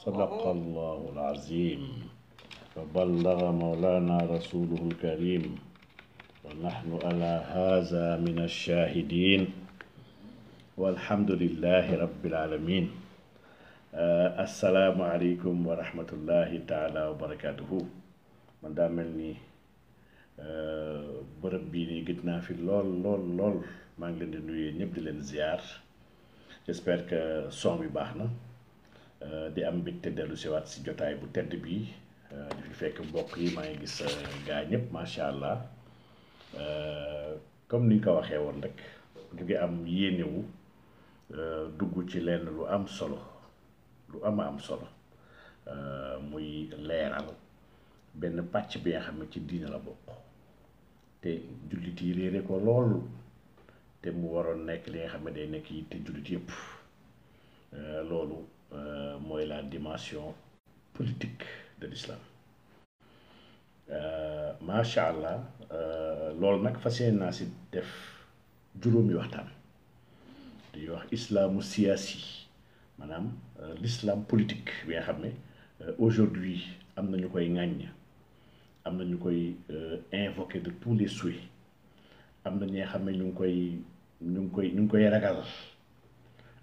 صدق الله العظيم وبلغ مولانا رسوله الكريم ونحن على هذا من الشاهدين والحمد لله رب العالمين آه، السلام عليكم ورحمة الله تعالى وبركاته من داملني آه بربيني قدنا في اللول لول لول ما نقدر نبدل الزيار جسبرك صومي باهنا Euh, di am mbégte dellu siwaat si jotaay bu tedd bi euh, di fi fekk mbokk yi maa ngi gis euh, gaa ñëpp macha allah comme ni ñu ko waxee woon rek ñu ngi am yéenewu dugg ci lenn lu am solo lu ama am solo muy leeral benn pàcc bi nga xam ne ci diina la bokk te jullit yi réere ko loolu te mu waroon nekk li nga xam ne day nekk yi te jullit yëpp loolu Euh, moi la dimension politique de l'islam euh, Masha'allah, allah euh, loolu nag fas yéene naa si def juróomi waxtan. di wax islam siyasi. Manam l'islam politique bi nga xamné aujourd'hui amna na ñu koy ŋàññ am ñu koy de tous les souhaits Amna ñi xamné xam ne ñu koy ñu koy ñu koy ragal.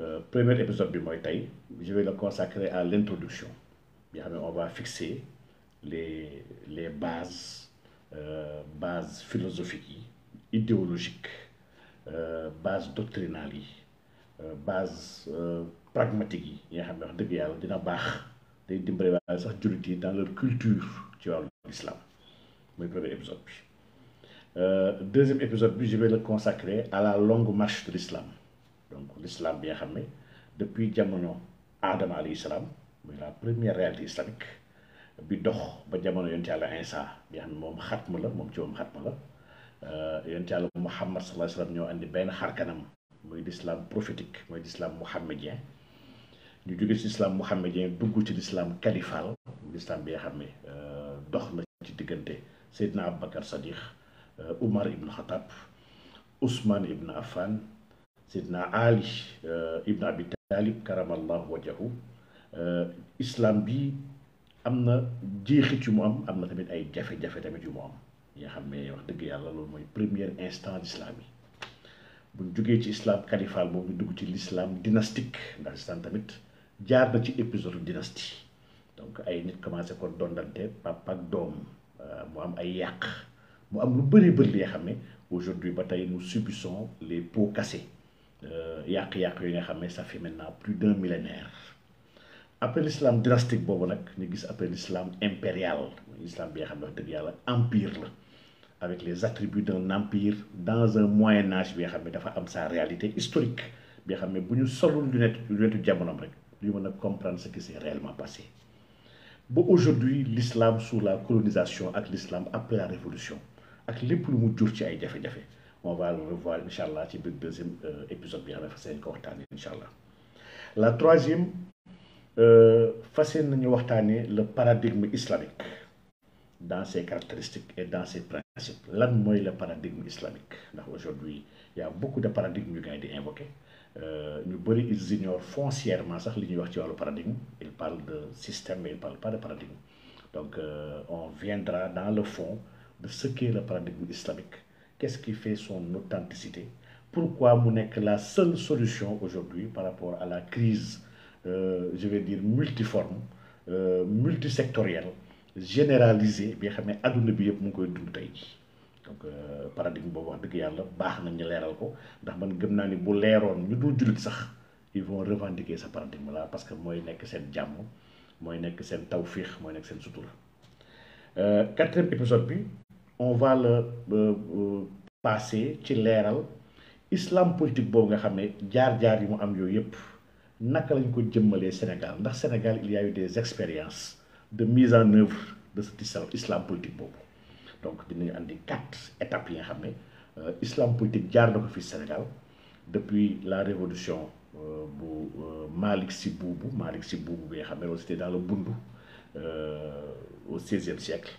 Euh, premier épisode de mooy je vais le consacrer à l'introduction on va fixer les bases euh, bases philosophiques idéologiques euh, bases doctrinales bases pragmatiques Il y a des wax dëgg yàlla dina dans leur culture ci l'islam. islam premier épisode deuxième épisode je vais le consacrer à la longue marche de l'islam donc l'islam bi nga xamné depuis jamono adam ali islam muy la première réalité islamique bi dox ba jamono yonte yàlla insa bi nga xam ne la mom ci mom khatma la euh, yonte yàlla muhammad sallallahu alayhi wasallam ñoo andi benn xarkanam muy l'islam prophétique muy l'islam muhammadien ñu jogé ci l'islam muhammadien dugg ci l'islam califal l'islam bi nga xamné euh dox na ci digënté seydina abbakar sadiq euh, umar ibn khattab usman ibn affan sidna ali eh, ibn abi talib karamallahu wajahu eh, islam bi amna na jeexit yu mu am amna tamit ay jafé jafé tamit yu mu am yi nga wax dëgg yalla loolu moy premier instant d'islam bi buñ jógee ci islam califal boobu ñu dugg ci l'islam dynastique ndax islam tamit jaar na ci épisode dynastie donc ay nit commencé ko dondante papa ak doom eh, mu am ay yàq mu am lu bëri bëri li nga aujourd'hui ba tey nous subissons les pots cassés il y a ça fait maintenant plus d'un millénaire après l'islam drastique on nak ñu gis après l'islam impérial l'islam bi xamné empire avec les attributs d'un empire dans un moyen âge bi xamné dafa sa réalité historique bi xamné buñu ne seule lunette rek comprendre ce qui s'est réellement passé aujourd'hui l'islam sous la colonisation ak l'islam après la révolution ak les lu mu jur ci ay jafé on va le revoir inshallah dans le deuxième euh, épisode bien la troisième euh, le paradigme islamique dans ses caractéristiques et dans ses principes Là est le paradigme islamique aujourd'hui il y a beaucoup de paradigmes qui ont été invoqués Euh, ils ignorent foncièrement sax li ñuy wax paradigme ils parlent de système mais ils parlent pas de paradigme donc euh, on viendra dans le fond de ce qu'est le paradigme islamique Qu'est-ce qui fait son authenticité Pourquoi Mounek la seule solution aujourd'hui par rapport à la crise, euh, je vais dire, multiforme, euh, multisectorielle, généralisée, bien que adouna bi yépp mu koy dund tay donc euh, paradigme boobu wax deug yalla bax na ñu leeral ko ndax man gëm naa ni bu leeroon ñu do julit sax ils vont revendiquer sa paradigme là parce que mooy nekk seen jàmm mooy nekk seen tawfiix mooy nekk seen sutura euh, quatrième épisode bi on va le euh, euh, passer ci leral islam politique bo nga xamné ne jaar-jaar yi mu am yoyep yëpp naka lañ ko jëmmalee Sénégal ndax Sénégal il y a eu des expériences de mise en œuvre de cet islam politique boobu donc dinañ andi quatre étapes yi nga xamné euh, islam politique jaar na ko fii Sénégal depuis la révolution bu Malick Malik Boubou Malick Sy Boubou bi nga c'était dans le Bundu au seizième siècle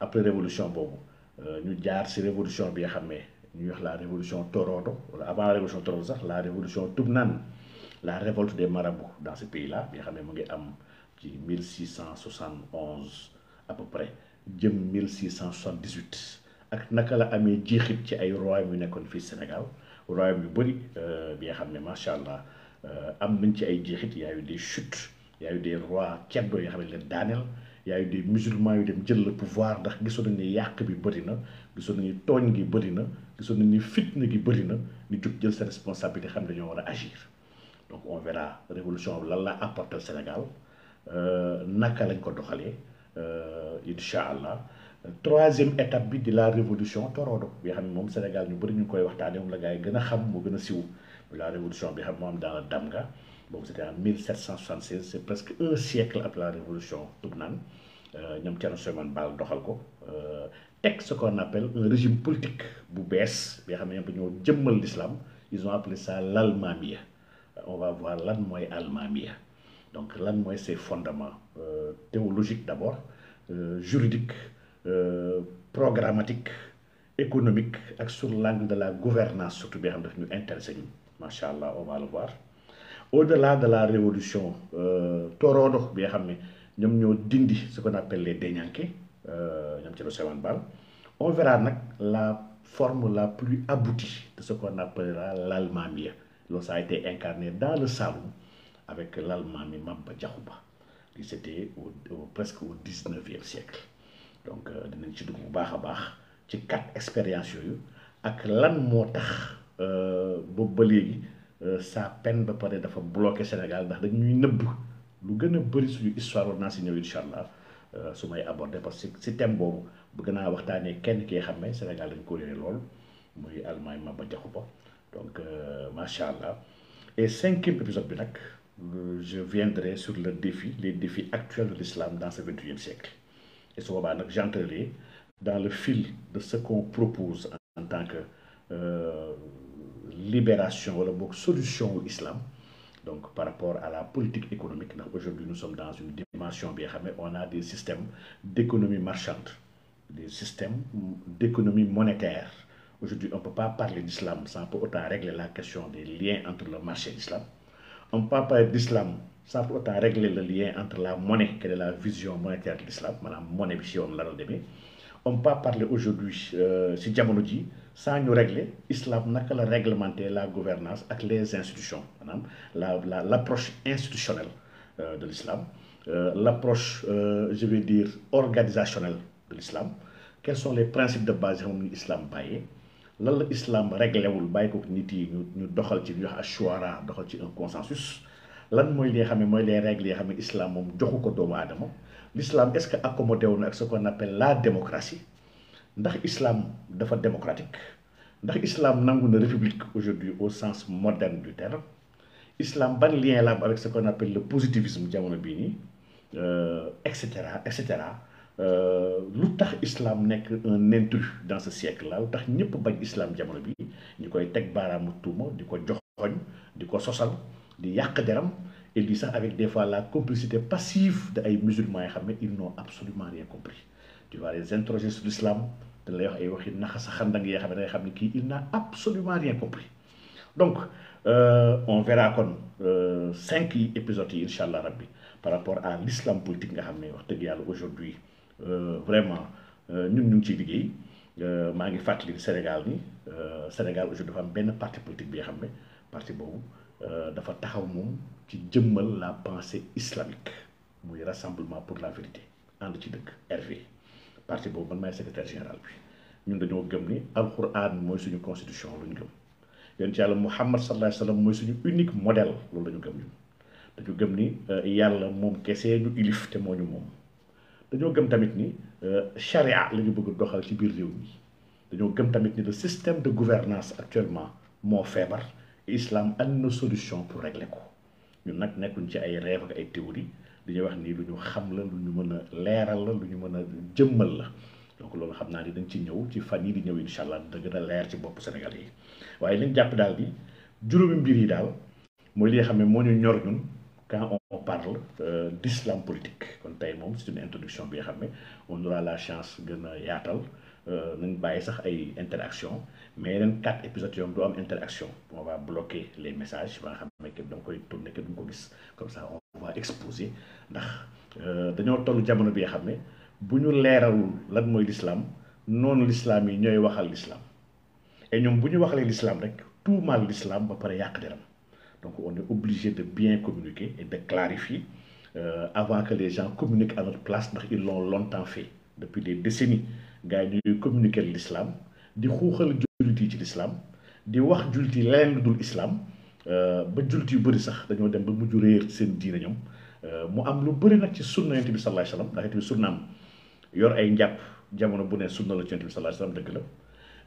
après révolution bobu euh, ñu jaar ci révolution bi nga xam ne wax la révolution Torodo wala avant la révolution Torodo sax la révolution Toubnane la révolte des marabouts dans ce pays là bi nga xam ne ngi am ci 1671 à peu près jëm 1678 ak naka la amé jeexit ci ay royaume yu nekkoon fi Sénégal royaume yu bari euh, bi nga xam ne allah euh, am nañ ci ay jeexit y a eu des chutes y a eu des rois ceddo yoo xam ne Daniel yaay a eu des musulmans yu dem jël le pouvoir ndax gisoon nañ ni yàq bi bëri na gisoon nañ ni tooñ gi bëri na gisoon nañ ni fitna gi bëri na ñu jóg jël sa responsabilité xam dañoo war a agir donc on verra révolution bi lan la apporté Sénégal euh, naka lañ ko doxalee euh, incha allah troisième étape bi di la révolution torodo bi xam ne moom Sénégal ñu bëri ñu koy waxtaanee moom la gars gën a xam moo gën a siw la révolution bi xam moom daal dam nga bon, c'était en 1776, c'est presque un siècle après la révolution Toubnan. Euh, ñoom Thierno Souleymane bal doxal ko euh, teg ce qu'on appelle un régime politique bu bien bi xam l'islam ils ont appelé ça l'almamia euh, on va voir lan almamia donc lan c'est ses fondements théologique d'abord juridique programmatique économique et sur l'angle de la gouvernance surtout bien que nous ne daf on va le voir au-delà de la révolution euh, Torodo bi nga xam ñoo dindi ce qu'on appelle les Deñanke euh, ñoom ci Bal on verra la forme la plus aboutie de ce qu'on appellera l'almamia dont ça a été incarné dans le salon avec l'almami Mamba Diakhou qui c'était presque au 19 e siècle donc euh, dinañ ci dugg bu baaxa baax ci quatre expériences yooyu ak lan motax euh bo ba sa euh, peine ba paré dafa bloqué Sénégal ndax dañ ñuy neub lu gëna a bëri suñu histoire war naa si ñëw incha allah euh, su may abordé parce que si thème boobu bëgg naa waxtaanee kenn ki xamé Sénégal dañ ko réeré lool muy Allemagne ba Diakhou Ba donc euh, macha allah et cinquième épisode bi nak je viendrai sur le défi les défis actuels de l'islam dans ce 21e siècle et ce nak j'entrerai dans le fil de ce qu'on propose en tant que euh libération ou la solution au islam donc par rapport à la politique économique aujourd'hui nous sommes dans une dimension bien mais on a des systèmes d'économie marchande des systèmes d'économie monétaire aujourd'hui on ne peut pas parler d'islam sans pour autant régler la question des liens entre le marché et l'islam on ne peut pas parler d'islam sans pour autant régler le lien entre la monnaie quelle est la vision monétaire de l'islam la monnaie vision on ne peut pas parler aujourd'hui euh, si jamono sans nous régler l'islam n'a qu'à réglementer la gouvernance avec les institutions L'approche la institutionnelle euh, de l'islam euh, l'approche euh, je veux dire organisationnelle de l'islam quels sont les principes de base de l'islam L'islam l'islam payé l'islam la islam ko un consensus les règles yi l'islam est ce qu'il accommodé avec ce qu'on appelle la démocratie L'islam islam dafa démocratique ndax islam nangu na république aujourd'hui au sens moderne du terme islam ban lien la avec ce qu'on appelle le positivisme jamono bi etc. Euh, et etc et euh, lutax islam nek un intrus dans ce siècle là lutax ñepp bañ islam jamono bi ñu koy teg tout tuuma diko ko joxoñ des sosal di yak deram et dit ça avec des fois la complicité passive de ay musulmans yi ils n'ont absolument rien compris tu vois, les introjets sur l'islam dañ lay wax ay waxi naxasa xandang yee xam ne da ngay xam ne kii il n'a absolument rien compris donc euh, on verra kon euh, cinq yi épisodes yi incha allah rabbi par rapport à l'islam politique nga xam ne wax dëgg yàlla aujourd'hui euh, vraiment euh, ñun ñu ngi ciy liggéey euh, maa ngi fàttali Sénégal ni Sénégal aujourd'hui dafa am benn parti politique bi nga xam ne parti boobu dafa taxaw moom ci jëmmal la pensée islamique muy rassemblement pour la vérité ànd ci dëkk RV parti boobu man maay secrétaire général bi ñun dañoo gëm ni alquran mooy suñu constitution lu ñu gëm yonent yàlla muhammad sallallahu alayhi wa mooy suñu unique modèle loolu ñu gëm ñun gëm ni euh, yàlla moom kese ñu ilif te moo ñu moom dañoo gëm tamit ni charia euh, la ñu bëgg doxal ci biir réew mi dañoo gëm tamit ni le système de gouvernance actuellement moo feebar islam am na solution pour régler ko ñun nag nekkuñ ci ay rêve ak ay théorie li ñuy wax nii lu ñu xam la lu ñu mën a leeral la lu ñu mën a jëmmal la donc loolu xam naa ni dañ ci ñëw ci fan yi di ñëw incha allah da gën a leer ci bopp Sénégal yi waaye liñ jàpp bi juróomi mbir yi daal mooy li nga xam ne moo ñu ñor ñun quand on parle euh, d'islam politique kon tey moom c'est une introduction bi xam ne on aura la chance gën a yaatal euh, nañ bàyyi sax ay interaction mais yeneen quatre épisodes yoom du am interaction on va bloquer les ba nga xam ne képp da nga koy tourner képp du va exposer ndax euh, avons toll jamono bi nous xam ne bu nous. leeralul lan mooy l'islam, non l'islam, yi waxal l'islam. et ñoom bu ñu l'islam tout tout mal l'islam ba pare donc on est obligé de bien communiquer et de clarifier euh, avant que les gens communiquent à notre place parce ils l'ont longtemps fait depuis des décennies gars yi communiqué communiquer l'islam di xuuxal jullit yi ci l'islam di wax jullit yi leneen islam Euh, ba jullit yu bëri sax dañoo dem ba mujj réer seen diine ñoom euh, mu am lu bëri nag ci sunna yonent bi sallallahu alayhi wasallam yor ay njàpp jamono bu ne sunna la ci yonent bi sallallahu alayhi wasallam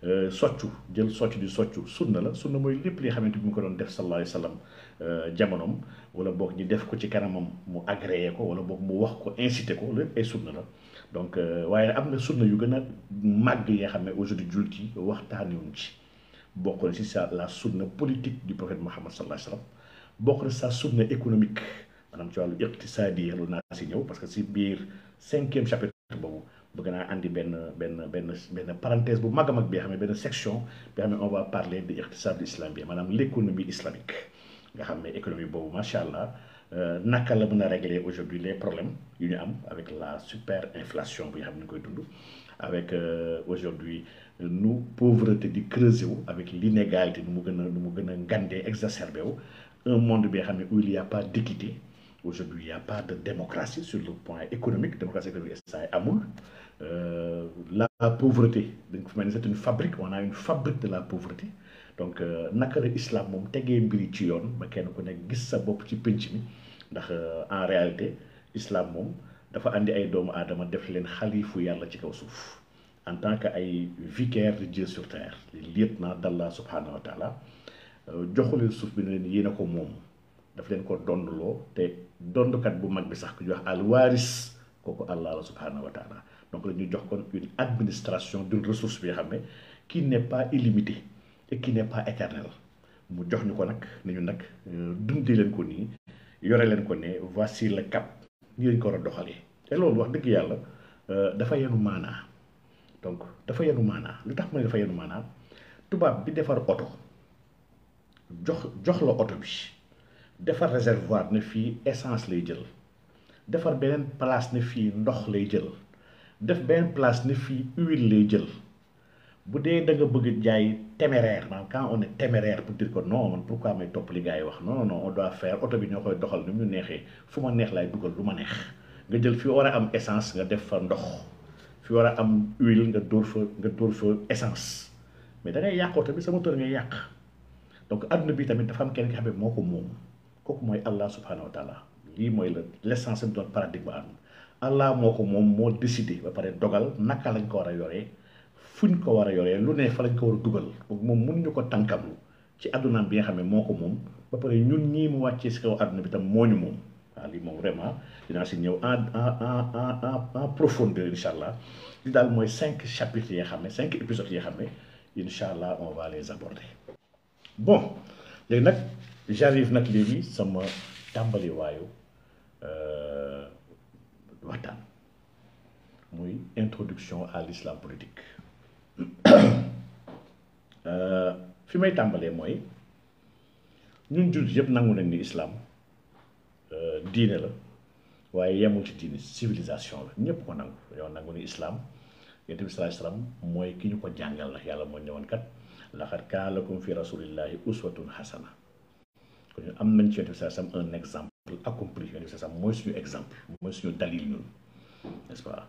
dëgg la euh, jël soccu di soccu sunna la sunna mooy lépp li xamante bi mu ko doon def sallallahu alayhi wasallam jamonoom wala boog ñi def ko ci kanamam mu agréé ko wala boog mu wax ko incité ko lépp ay sunna la donc waaye am na sunna yu gën a màgg yi xam ne aujourd'hui jullit yi waxtaaniwuñ ci bokk ci sa la sunna politique du prophète Muhammad sallallahu alayhi wa sallam bokk sa sunna économique manam ci walu iqtisadi lu na ci ñew parce que ci bir 5e chapitre boobu bëgg na andi ben ben ben ben parenthèse bu mag a mag bi xamé ben section bi xam on va parler de iqtisaad islam bi maanaam l' islamique nga xamé ne économie boobu macha allah euh, naka la mën régler aujourd'hui les problèmes yu ñu am avec la super inflation bi nga xam ñu koy dund avec euh, aujourd'hui nous pauvreté di creuser avec l'inégalité nous mu a exacerbé un monde où il n'y a pas d'équité aujourd'hui il y a pas de démocratie sur le point économique démocratie e euh, la pauvreté c'est une fabrique on a une fabrique de la pauvreté donc islam en réalité islam dafa andi ay doomu def en tant que ay vicaire de Dieu sur terre li lieutenant d'Allah subhanahu wa ta'ala euh, joxul leen suuf bi ne leen yéen a ko moom daf len ko dondloo te kat bu mag bi sax ko wax al waris koko Allah subhanahu wa ta'ala donc la ñu jox kon une administration d'une ressource bi xamé qui n'est pas illimité et qui n'est pas éternel mu jox ñu ko nag ne ñu nag euh, dundee leen ko ni yoré len ko né voici le cap nii lañ ko war a doxalee te wax dëgg yalla euh dafa yenu maanaa donc dafa yenu maanaa lu tax ma ne dafa yenu maanaa tubaab bi defar oto jox jox la oto bi defar réservoir ne fii essence lay jël defar beneen place ne fii ndox lay jël def beneen place ne fii huile lay jël bu dee da nga bëgg jaay téméraire maanaam quand on est téméraire pour ko que non man pourquoi may topp li yi wax non non non on oto bi ñoo koy doxal ni mu ñu neexee fu ma neex laay dugal lu ma neex nga jël fi war a am essence nga def fa ndox. fi war a am huile nga dóor fa nga dóor fa essence mais da ngay yàqoo tamit sa moteur ngay yàq donc adduna bi tamit dafa am kenn ki xam moo ko moom kooku mooy allah subhanahu wa taala lii mooy la l'essence doon paradigme àdduna allah moo ko moom moo décidé ba pare dogal naka lañ ko war a yoree fuñ ko war a yoree lu ne fa lañ ko war a dugal moom mënuñu ko tànkamlu ci addunaam bi nga xam ne moo ko moom ba pare ñun ñii mu wàccee si kaw àdduna bi tam moo ñu moom ah lii vraiment dina ci ñëw en en en en en profondeur incha allah li daal mooy cinq chapitres yi nga 5 cinq épisodes yi nga xam on va les aborder bon léegi nak j'arrive nak léegi sama euh waxtaan moy introduction à l'islam politique euh, fi may tambalé moy ñun jullit yëpp nangu nañ ni islam. Euh, diine la waaye yemul ci diine civilisation la ñëpp ko nangu dañoo nangu ni islam yonent bi sallallahu alayhi wasallam mooy ki ñu ko jàngal la yàlla moo ñëwoon kat kaa kaana lakum fi rasulillahi uswatun hasana kon ñu am nañ ci yonent bi sallallahu alayhi wasallam un exemple accompli yonent bi sallallahu alayhi mooy suñu exemple mooy suñu dalil ñun n'est-ce pas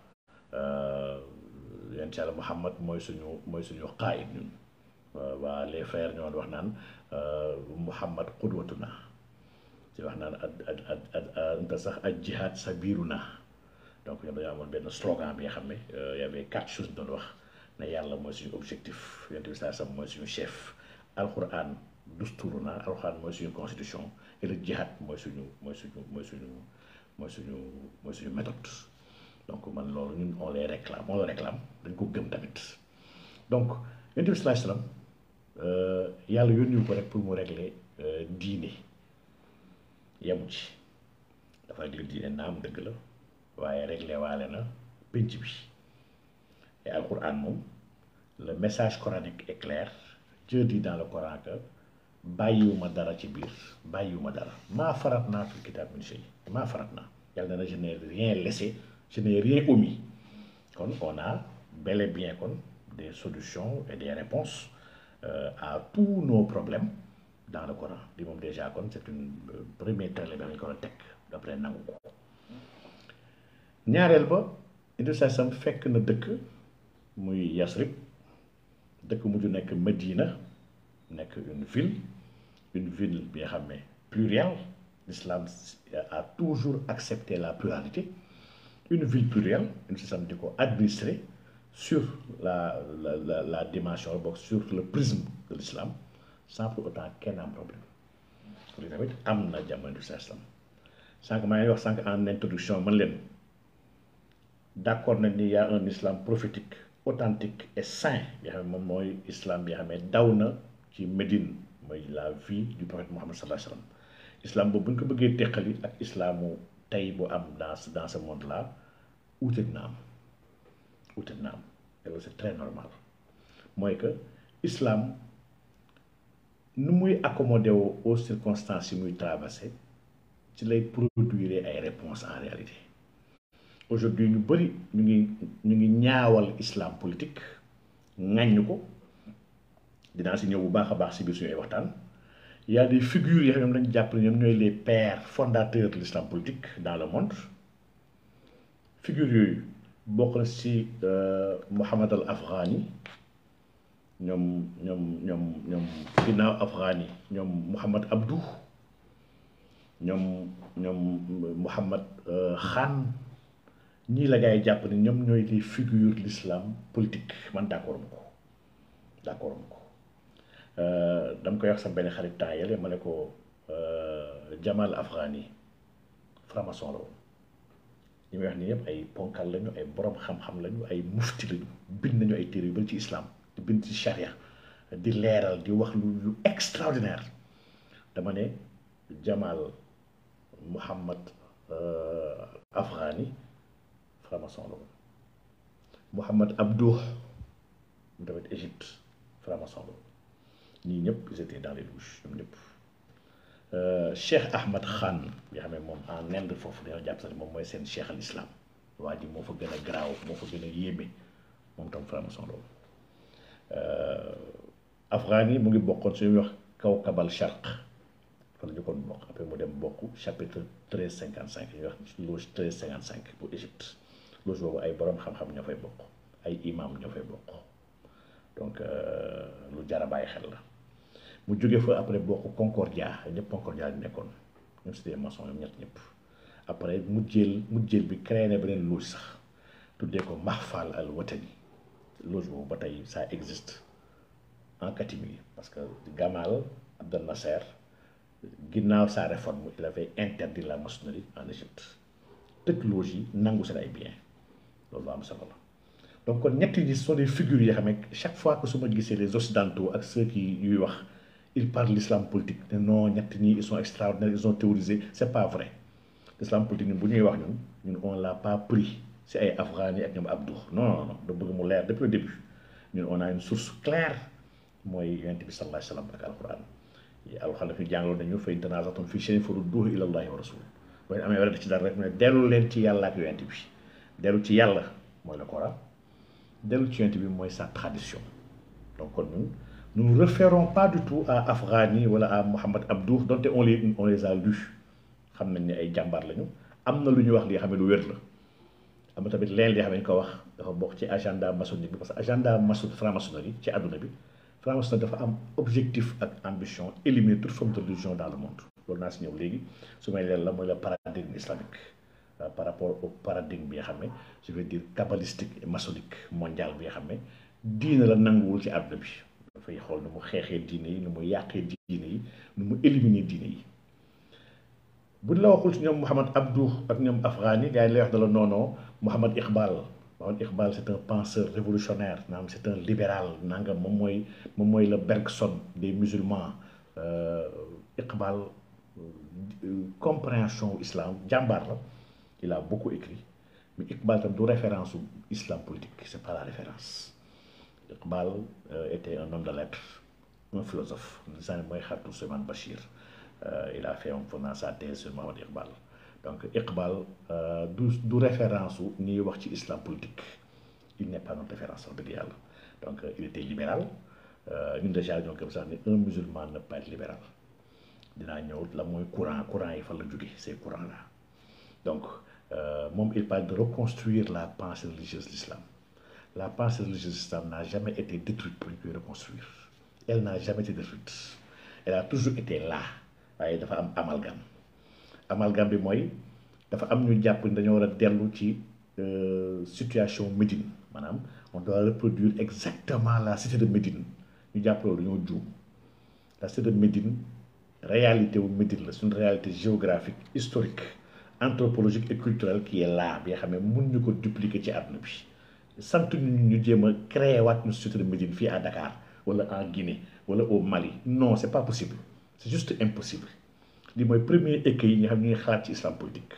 euh, yonent yàlla Muhammad mooy suñu mooy suñu qaayid ñun euh, waa les frères ñoo wax naan Muhammad qudwatuna ci wax naan ak ak ak ak sax ak jihaad sa biiru na donc ñoom dañoo amoon benn slogan bi nga xam ne euh, y avait quatre choses doon wax ne yàlla mooy suñu objectif yonent bi saa sam mooy suñu chef alquran dusturu na alquran mooy suñu constitution et le jihaad mooy suñu mooy suñu mooy suñu mooy suñu mooy suñu méthode donc man loolu ñun on les réclame on le réclame dañ ko gëm tamit donc yonent bi salaay salaam euh, yàlla yónni ko rek pour mu régler euh, diine yemu ci dafa réglé diine naam dëgg la waaye réglé waale na pénc bi et alquran moom le message coranique est clair Dieu dit dans le Coran que bàyyiwuma dara ci biir bàyyiwuma dara maa farat naa kitab kitaab min shay maa farat naa yàlla je n'ai rien laissé je n'ai rien omis kon on a bel et bien kon des solutions et des réponses euh, à tous nos problèmes dans le Coran bi moom déjà comme c'est une premier trait bi dañ ko war a teg d'après nangu ko ñaareel ba Idrissa Sam fekk na dëkk muy Yasrib nous mujj nekk Medina nekk une ville une ville bi nga plurielle l'islam a toujours accepté la pluralité une ville plurielle une société di ko sur la la la la dimension sur le prisme de l'islam sans pour kenn am problème loolu tamit am na jamono sasam ngi wax sànq en introduction mën leen d' accord nañ ni y' a un islam prophétique authentique et saint bi xam ne moom mooy islam bi xam daw na ci Médine mooy la vie du prophète Muhammad sallallahu alayhi wa islam boobu bu ko bëggee teqali ak islamu tey bu am dans dans ce monde là uute na am uute na am mooy que islam. Nous muy accommodé aux circonstances que nous traversé ci lay produire des réponses en réalité aujourd'hui nous avons politique Nous y a des figures qui sont les pères fondateurs de l'islam politique dans le monde figure beaucoup bokk euh, al Afghani ñom ñom ñom ñom dina Afghani ñom Muhammad abdou ñom ñom eh, muhammad eh, khan ñii la gay japp ni ñom ñoy les figure l'islam politique man d'accord mako d'accord mako euh dam koy wax sa ben xarit temps yële eh, jamal Afghani, franc-maçon ñi wax ni yëpp ay ponkal lañu ay borom xam-xam lañu ay mufti lañu bind nañu ay téere ci islam di bind ci charia di leeral di wax lu lu extraordinaire dama ne Jamal Muhammad euh, Afghani franc-maçon la woon Muhammad Abdouh mu tamit Égypte franc-maçon la woon ñii ñëpp ils étaient dans les louches ñoom ñëpp euh, Cheikh Ahmad Khan bi xam ne moom en Inde foofu dañoo jàpp sax moom mooy seen cheikh al islam waa ji moo fa gën a garaaw moo fa gën a yéeme moom tam franc-maçon Eh, afghani mu ngi bokkon suñu wax kaw kabal sharq fa lañu ñu kon bokk après mu dem bokk chapitre treize ñu wax loge treize cinquante bu Égypte loge bobu ay borom xam-xam ñafay fay bokk ay imam ñafay fay bokk donc lu jara baye xel la mu joggé fa après bokk Concordia ñëpp Concordia lañ nekkoon ñoom c'était maçon ñoom ñet ñëpp après mu jël mu jël bi créer benen loge sax tuddé ko Mahfal al Watani logement bataille ça existe en hein, catimini parce que Gamal Abdel Nasser ginnaaw sa réforme il avait interdit la maçonnerie en Égypte technologie loge yi nangu seen ay am solo donc kon ñetti ñi sont des figures yoo xamé chaque fois que suma gissé les occidentaux ak ceux qui lui wax ils parlent l'islam politique non ñetti ñi ils sont extraordinaires ils ont théorisé c'est pas vrai l'islam politique ñun bu ñuy wax ñun ñun on l'a pas pris c'est ay afghani ak ñoom Abdou non non non da bëgg mu leer depuis le début ñun on a une source claire moy yonent bi sallallahu alayhi wa sallam ak alquran alquran dafa jàngaloon dañu fay in fi fii shay'in farudduuhu ila allah wa rasul boo amé wala ci dara rek mais ne dellu leen ci yalla ak yonent bi ci yalla moy le Coran dellu ci yonent moy sa tradition donc kon ñun nous ne nous référons pas du tout à afghani wala à mohammed Abdou dont on les on les a lu xam ni ay jambar lañu amna luñu wax li xamé xam ne lu wér la am na tamit leen li xam ko wax dafa bokk ci agenda maçonnique bi parce que agenda maçon franc-maçonnerie ci àdduna bi franc-maçonnerie dafa am objectif ak ambition éliminer toute forme de religion dans le monde loolu naa si ñëw léegi su may leen la mooy le paradigme islamique euh, par rapport au paradigme bi nga xam ne je veux dire cabalistique et maçonnique mondial bi nga xam ne diine la nanguwul ci àdduna bi dafay xool nu mu xeexee diine yi nu mu yàqee diine yi nu mu éliminer diine yi bu la waxul ci ñoom Mouhamad Abdou ak ñoom Afghani gars yi lay wax da la non Mohamed Iqbal Iqbal c'est un penseur révolutionnaire c'est un libéral c'est le Bergson des musulmans euh, Iqbal euh, compréhension islam l'islam, il a beaucoup écrit mais Iqbal deux une référence islam politique c'est pas la référence Iqbal euh, était un homme de lettres un philosophe il a fait un fondement sa thèse sur Mohamed Iqbal donc Iqbal euh, du du référence ni ñuy islam politique il n'est pas notre référence wax dëgg donc euh, il était libéral euh, ñun déjà ñoo comme ça, un musulman ne pas être libéral dinaa ñëw la mooy courant courant yi fan la jóge ces courants là donc il parle de reconstruire la pensée religieuse de l'islam la pensée religieuse de l'islam n'a jamais été détruite pour reconstruire elle n'a jamais été détruite elle a toujours été là Elle dafa am amalgame amalgam bi mooy dafa am ñu jàpp ni dañoo war a euh, situation Médine maanaam on doit reproduire exactement la cité de Médine ñu jàpp loolu dañoo la cité de Médine réalité de Médine c'est une réalité géographique historique anthropologique et culturelle qui est là bi nga xam ne mun ñu ko dupliquer ci àdduna bi sant ñu ñu créer waat une cité de Médine fii à Dakar wala en Guinée wala au Mali non c'est pas possible c'est juste impossible li premier écueil yi nga xam ne ci politique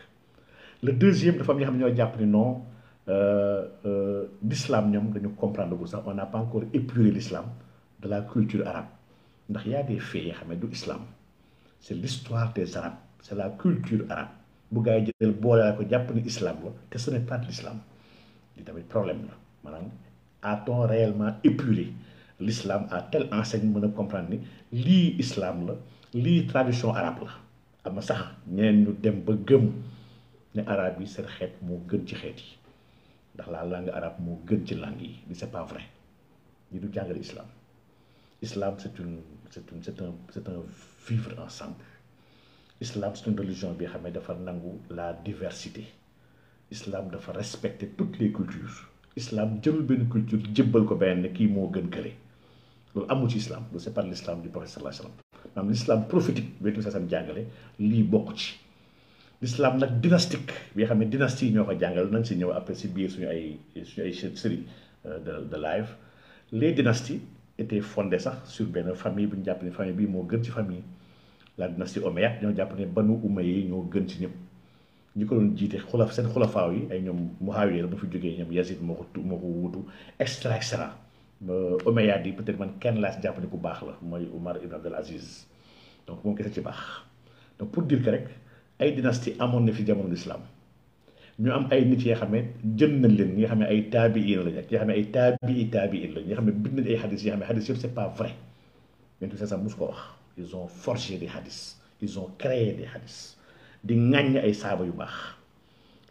le deuxième dafa am ñi xam ne ñoo jàpp ni non euh, euh, l'islam ñoom dañu comprendre on n'a pas encore épuré l'islam de la culture arabe Il y a des faits yi xam du islam c'est l'histoire des arabes c'est la culture arabe bu vous yi jël boolaa ko jàpp ni islam la ce n'est pas de l'islam li tamit problème la maanaam a-t-on réellement épuré l'islam à tel enseignement mën comprendre ni l'islam, islam la tradition arabe am sax ñeen ñu dem ba gëm ne Arabi yi seen xeet moo gën ci xeet yi ndax la langue arab moo gën ci langue yi li c'est pas vrai ñi du jàngal islam islam c'est une c'est une c'est un c'est un vivre ensemble islam c'est une religion bi xamé dafa nangu la diversité islam dafa respecter toutes les cultures islam jël ben culture jëbbal ko ben ki mo gën kéré lolu amul ci islam lolu c'est pas l'islam du prophète sallallahu alayhi wasallam l'islam prophétique bi tamit jungle, jàngale l'islam dynastique bi nga dynastie après biir suñu ay ay série euh, de de live les dynasties étaient fondées sur une famille bu ñu jàpp ne famille bii famille la dynastie Omeya, ñoo jàpp ne banu yi ñoo ci ay fi Omeyyade yi peut-être man kenn laa si jàpp ne baax la mooy Omar Ibn Abdel Aziz donc moom kese ci baax donc pour dire que rek ay dynastie amoon na fi jamono lislaam ñu am ay nit yoo xam ne jënd nañ leen ñi nga xam ne ay taabiin lañ ak ñi nga xam ne ay taabii taabiin lañ ñi nga xam ne bind nañ ay xadis yi nga xam ne xadis yëpp c'est pas vrai yéen tout ça mosu ko wax ils ont forgé des xadis ils ont créé des xadis di ŋàññ ay saaba yu baax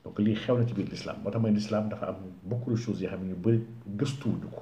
donc lii xew na ci biir lislaam moo tax mooy lislaam dafa am beaucoup de choses yoo xam ñu bëri gëstuwuñu ko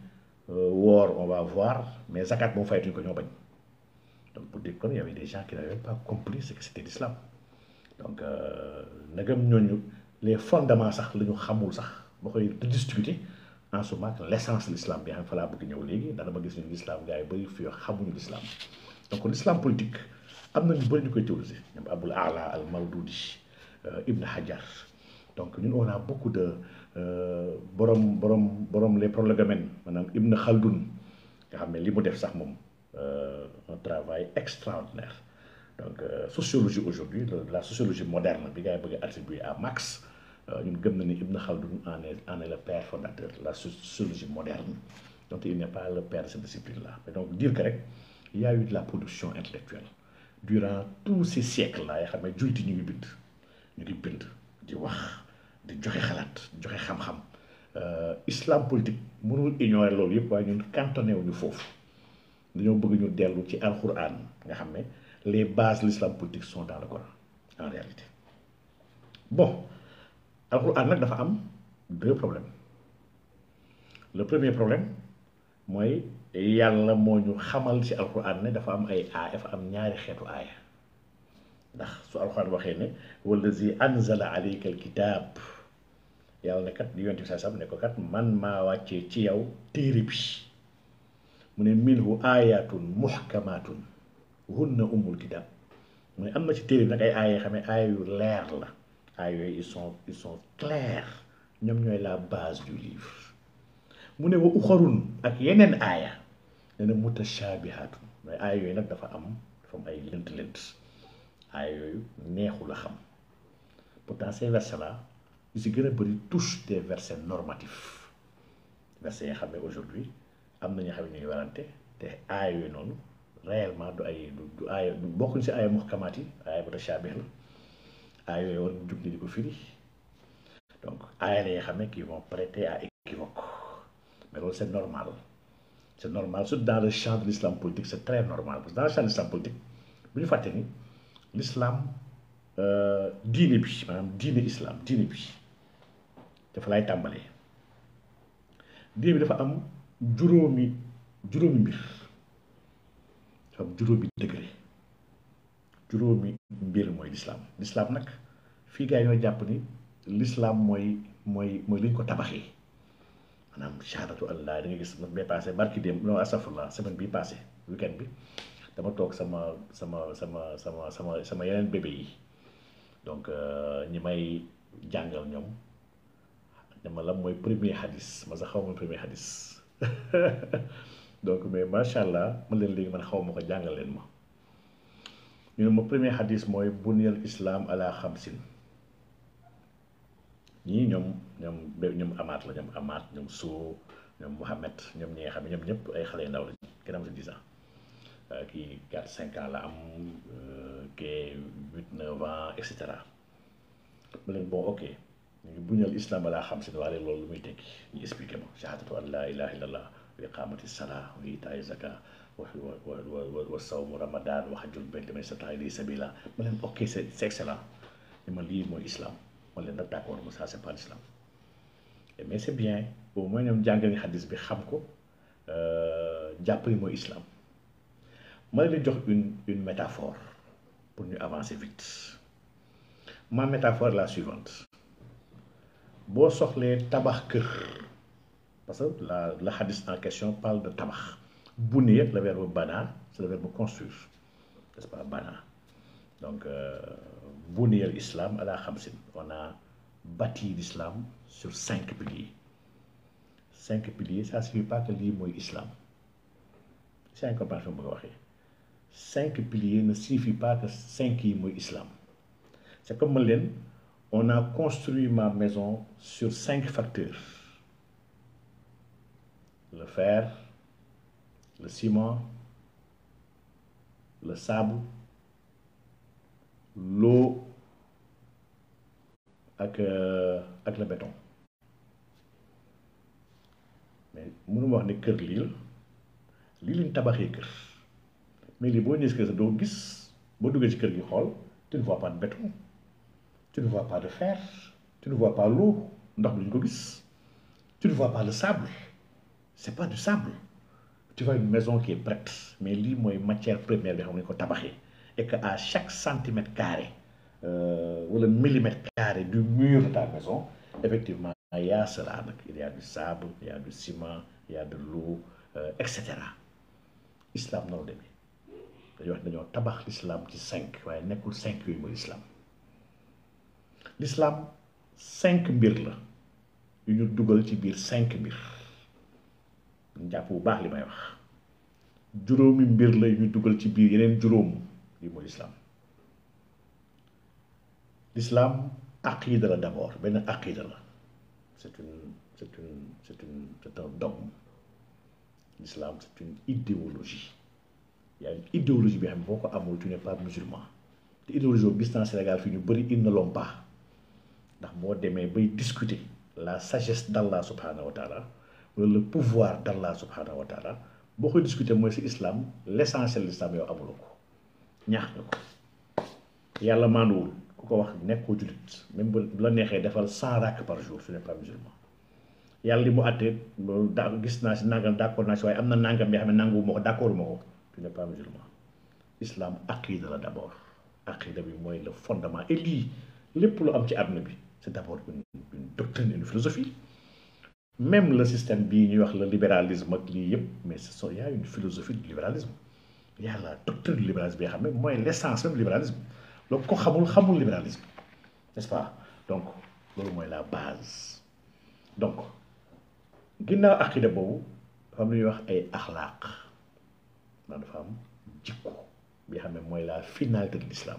War, euh, on va voir mais zakat bon fait une ñoo donc pour déconner, il y avait des gens qui n'avaient pas compris ce que c'était l'islam donc euh, nagam les fondements sax la ñu xamul sax en ce moment l'essence de l'islam Bien, xam fa laa bëgg ñëw léegi ndax l'islam gars yi bëri l'islam donc l'islam politique am a beaucoup bëri ñu Il y a Abul Ala al Mawdudi euh, Ibn Hajar donc nous on a beaucoup de euh, borom borom borom les prolegomènes maanaam Ibn Khaldun nga a fait li mu def sax euh, un travail extraordinaire donc euh, sociologie aujourd'hui la sociologie moderne bi ngay bëgg attribuer à Max, ñun gëm na ni Ibn Khaldun en est est le père fondateur la sociologie moderne donc il n'est pas le père de cette discipline là mais donc dire que il y a eu de la production intellectuelle durant tous ces siècles là il xam ne jullit ñu ngi bind ñu ngi bind di wax. di joxe xalaat joxe xam-xam islam politique mënul ignorer loolu yëpp waaye ñun cantonné wuñu ñu foofu dañoo bëgg ñu dellu ci alquran nga xam ne les bases de l'islam politique sont dans le Coran en réalité bon alquran nag dafa am deux problèmes le premier problème mooy yàlla moo ñu xamal ci alquran ne dafa am ay aaya dafa am ñaari xeetu aaya ndax su alquran waxee ne wallazi anzala alayka alkitab yàlla kat yonent bi sam ne ko kat man maa wàccee ci yow téere bi mu ne minhu aayatun muhkamatun hunna ummul kitab mu ne am na ci téere bi nag ay aaya xamee aaya yu leer la aaya yooyu ils sont ils sont clairs ñoom ñooy la base du livre mu ne wa uxarun ak yeneen aaya ne na mutashabihatun mooy aaya yooyu nag dafa am dafa ay lënt-lënt aaya yooyu neexu la xam pourtant ces versets là yu si gën a bëri touche des versets normatifs versets qui nga aujourd'hui am na ñoo xam ne ñuy warante te aaya yooyu réellement du ay du du aaya du bokkuñ si aaya muhkamaat yi aaya mutashaabih war jug ko donc aaya les yi nga qui vont prêter à équivoque mais loolu c'est normal c'est normal surtout dans le champ de l'islam politique c'est très normal parce que dans le champ de l'islam politique bu ñu fàtte ni l'islam euh, diine bi madame, diine islam diine bi dafa lay tàmbalee diine bi dafa am juróomi juróomi mbir dafa am juróomi degré juróomi mbir mooy lislaam lislaam nag fii gars yi ñoo jàpp ni lislaam mooy mooy mooy li ko tabaxee maanaam shahadatu allah da nga gis bee passé barki démb non astafurlah semaine bii passé weekend bi dama toog sama sama sama sama sama sama yeneen bébé yi donc euh, ñi may jàngal ñoom dama la mooy premier hadis ma sax xaw ma premier hadis donc mais macha allah ma leen léegi man xaw ma ko jàngal leen ma ñu ne ma premier hadis mooy buniyal ñii ñoom ñoom ñoom amaat la ñoom amaat ñoom soo ñoom Mouhamed ñoom ñi nga xam ne ñoom ñëpp ay xale yu ndaw la kenn amatu dix ans euh, kii quatre cinq la am euh, kii huit neuf ans et cetera ma leen bon ok. يعني بني الإسلام على خمسة دوالي لول ميتك يسبيك يعني ما شهادة لا إله إلا الله وإقامة الصلاة وإيتاء الزكاة والصوم رمضان وحج البيت ما يستطاع إليه سبيلا ملين أوكي سيكسلا لما يعني لي مو إسلام ملين نتاك ورمو ساسي بان إسلام إمي سبيان ومين يوم جانجل حديث بخامكو آه، جابري مو إسلام ملين جوخ إن متافور pour nous avancer vite. Ma métaphore est la suivante. bon soxlé tabax keur parce que la la hadith en question parle de tabac. Bounir, le verbe bana c'est le verbe construire n'est-ce pas bana donc euh, bounir l'islam ala khamsin on a bâti l'islam sur cinq piliers cinq piliers ça signifie pas que l'islam. est islam c'est un bu cinq piliers ne signifie pas que cinq piliers sont islam c'est comme le on a construit ma maison sur cinq facteurs. Le fer, le ciment, le sable, l'eau et euh, avec le béton mais mënuma wax ne kër lii la L'île lañ tabaxee kër mais si boo ñëwee si kër sa doo gis boo duggee ci tu ne vois pas de béton tu ne vois pas de fer, tu ne vois pas l'eau, tu ne vois pas le sable ce n'est pas du sable tu vois une maison qui est prête mais lii une matière première bi xam et que à chaque centimètre carré ou euh, le millimètre carré du mur de ta maison effectivement il y a cela il y a du sable il y a du ciment il y a de l'eau euh, et cetera islam noonu il dañuy wax dañoo tabax l'islam ci cinq il n'y cinq yooyu l'islam. l'islam 5 mbir la ñu duggal ci biir cinq mbir jàpp bu baax limay wax juroomi mbir la ñu duggal ci bir yeneen juroom yi mo l'islam l'islam aqida la d'abord ben aqida la c'est une c'est une c'est une c'est un dogme l'islam c'est une idéologie il y a une idéologie bi xam boko amul tu n'es pas musulman te idéologie bi stan Sénégal fi ñu bari ils ne l'ont pas ndax boo demee bay discuter la sagesse d'Allah subhanahu wa taala wala le pouvoir d'Allah subhanahu wa taala boo koy discuter mooy si islam l'essentiel l'islam yow amuloo ko ñaax nga ko yàlla maanduwul ku ko wax nekkoo jullit même bu la neexee defal cent raak par jour su n'est pas musulman yàlla li mu àttee da gis naa si nangam d'accord naa si waaye am na nangam yoo xam ne nanguwuma ko d'accorduma ko tu n'es pas musulman islam aqida la d'abord aqida bi mooy fondement et lépp lu am ci àdduna bi c'est d'abord une, doctrine, une philosophie. Même le système binaire, le libéralisme, mais ce il y a une philosophie du libéralisme. Il y a la doctrine du libéralisme, moi l'essence même du libéralisme. Le le libéralisme. N'est-ce pas Donc, c'est la base. Donc, il aqida a dafa ñuy wax ay la finalité de l'islam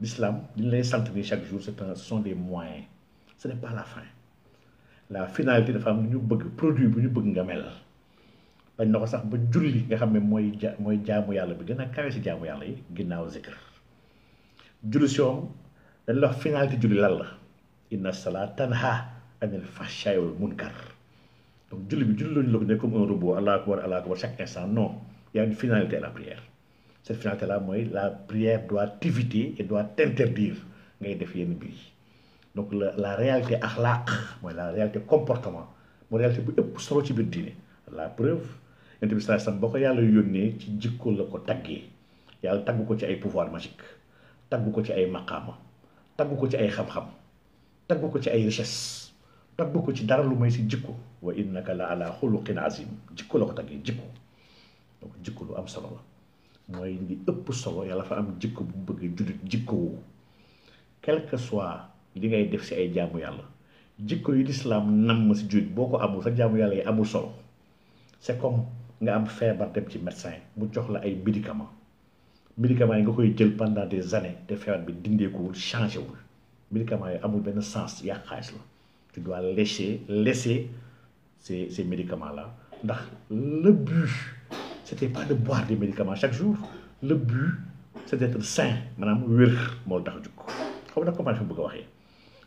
l'islam il est chaque jour ce sont des moyens ce n'est pas la fin la finalité dafa am ñu bëgg produit bu ñu bëgg nga mel bañ na ko sax ba julli nga xam ne mooy mooy jaamu yàlla bi gën a kawe si jaamu yàlla yi ginnaaw zikr julli si moom dañ la wax finalité julli lan la inna salaat tanha anil fahshaay wal munkar donc julli bi julli lañu la ko ne comme un robot allah akbar allah akbar chaque instant non il y a une finalité à la prière cette finalité là mooy la prière doit def donc la la réalité axlaaq mooy la réalité comportement mooy réalité bu ëpp solo ci biir diine la preuve yonent bi sallallahu alayhi boo ko yàlla yónnee ci jikko la ko taggee yàlla tagg ko ci ay pouvoir magique tagg ko ci ay maqaama tagg ko ci ay xam-xam tagg ko ci ay richesse tagg ko ci dara lu may si jikko wa innaka la ala xuluqin azim jikko la ko taggee jikko donc jikko lu am solo la mooy li ëpp solo yàlla fa am jikko bu bëggee jullit jikko wu quel li ngay def si ay jaamu yàlla jikko yu lislaam namm si jullit boo ko amul sa jaamu yàlla yi amul solo c'est comme nga am feebar dem ci médecin mu jox la ay médicament médicament yi nga koy jël pendant des années te feebar bi dindeekuwul changé wul médicament yi amul benn sens yaa xaalis la tu dois laisser laisser ces ces médicaments là ndax le but c'était pas de boire des médicaments chaque jour le but c'est d'être sain maanaam wér moo tax jug xam na comment fi mu bëgg a waxee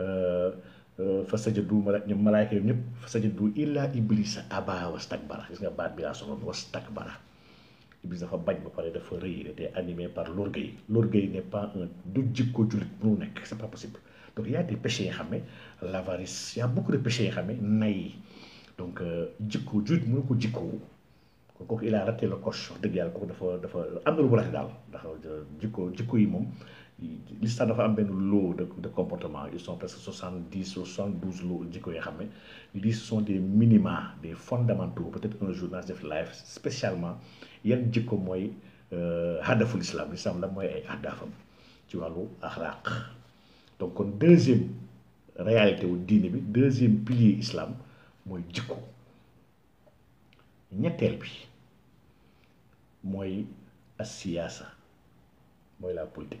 Euh, euh, fa sajadu mala ñoom malaayka yi ñëpp fa sajadu illa iblisa aba wastakbara gis nga baat bi laa soxla wastakbara iblis dafa bañ ba pare dafa rëy était animé par l'orgueil l'orgueil n'est pas un du jikko jullit bu nekk c'est pas possible yi ne l'avarice y a euh, jikko jullit mënu ko jikkowu kon kooku il a raté coche wax dëgg yàlla kooku dafa dafa am na lu mu daal ndax jikko jikko yi moom l'islam dafa un ben lot de de comportement ils sont presque 70 dix ou soixante douze lots jikko sont des minima des fondamentaux peut-être un jour de life live spécialement y a un euh de l'islam la qui ay hadafam ci de l'islam. donc kon deuxième réalité ou dynamique bi deuxième pilier islam moy y ñettel bi moy as siyasa moy la politique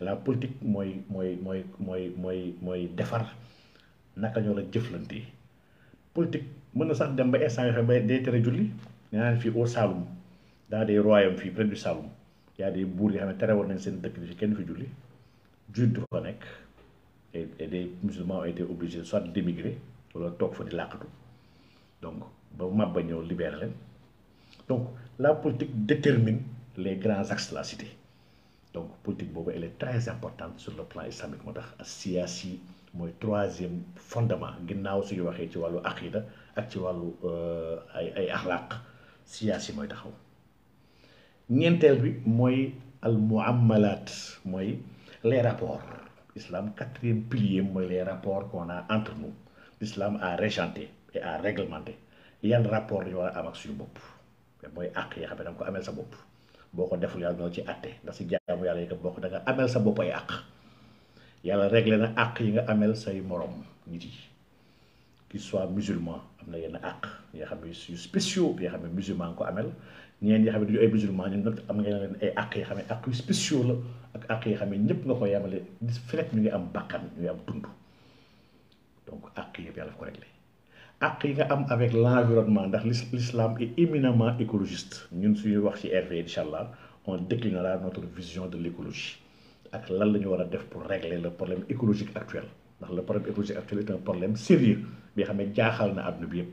la politique mooy mooy mooy mooy mooy mooy defar naka ñoo la jëflante politique mën na sax dem ba instant yoo xam ne day tere julli nee naa fii au Saloum daa des royaume fii près du Saloum yaa des buur yoo xam ne terewoon nañ seen dëkk bi kenn fi julli jullit du fa nekk et et des musulmans ont été obligés soit d'émigrer wala toog fa di làqatu donc ba Maba ñëw libéré leen donc la politique détermine les grands axes de la cité. donc politique boobu elle est très importante sur le plan islamique moo tax siyaasi mooy troisième fondement ginnaaw suñu waxee ci wàllu aqida ak ci wàllu euh, ay ay axlaq siyaasi mooy taxaw ñeenteel bi mooy al muamalat mooy les rapports islam quatrième pilier mooy les rapports qu'on a entre nous l'islam a régenté et a réglementé yan rapport la ñu war a am ak suñu bopp mooy àq yi xam ne da ko amel sa bopp boko deful yalla dana ci atte ndax ci jaamu yalla yi ko bokk da nga amel sa bopay ak yalla régler na ak yi nga amel say morom nit yi ki soit musulman amna na yenn àq yi nga xam ne yu spéciaux bi nga xam ne musulman ko amel ñeen yi xam ne ay musulman ñu nak am nga yeneen ay ak yi xam ne àq yu spéciaux la ak ak yi xam ne ñëpp nga ko yamalé fi rek ñu ngi am bakkan ñu am dund donc ak yi yalla ko régler ak yi nga am avec l' environnement ndax l'islam est éminemment écologiste ñun suñuy wax ci RV incha allah on déclinera notre vision de l' écologie ak lan la ñu war a def pour régler le problème écologique actuel ndax le problème écologique actuel est un problème sérieux bi xam ne jaaxal na àdduna bi yëpp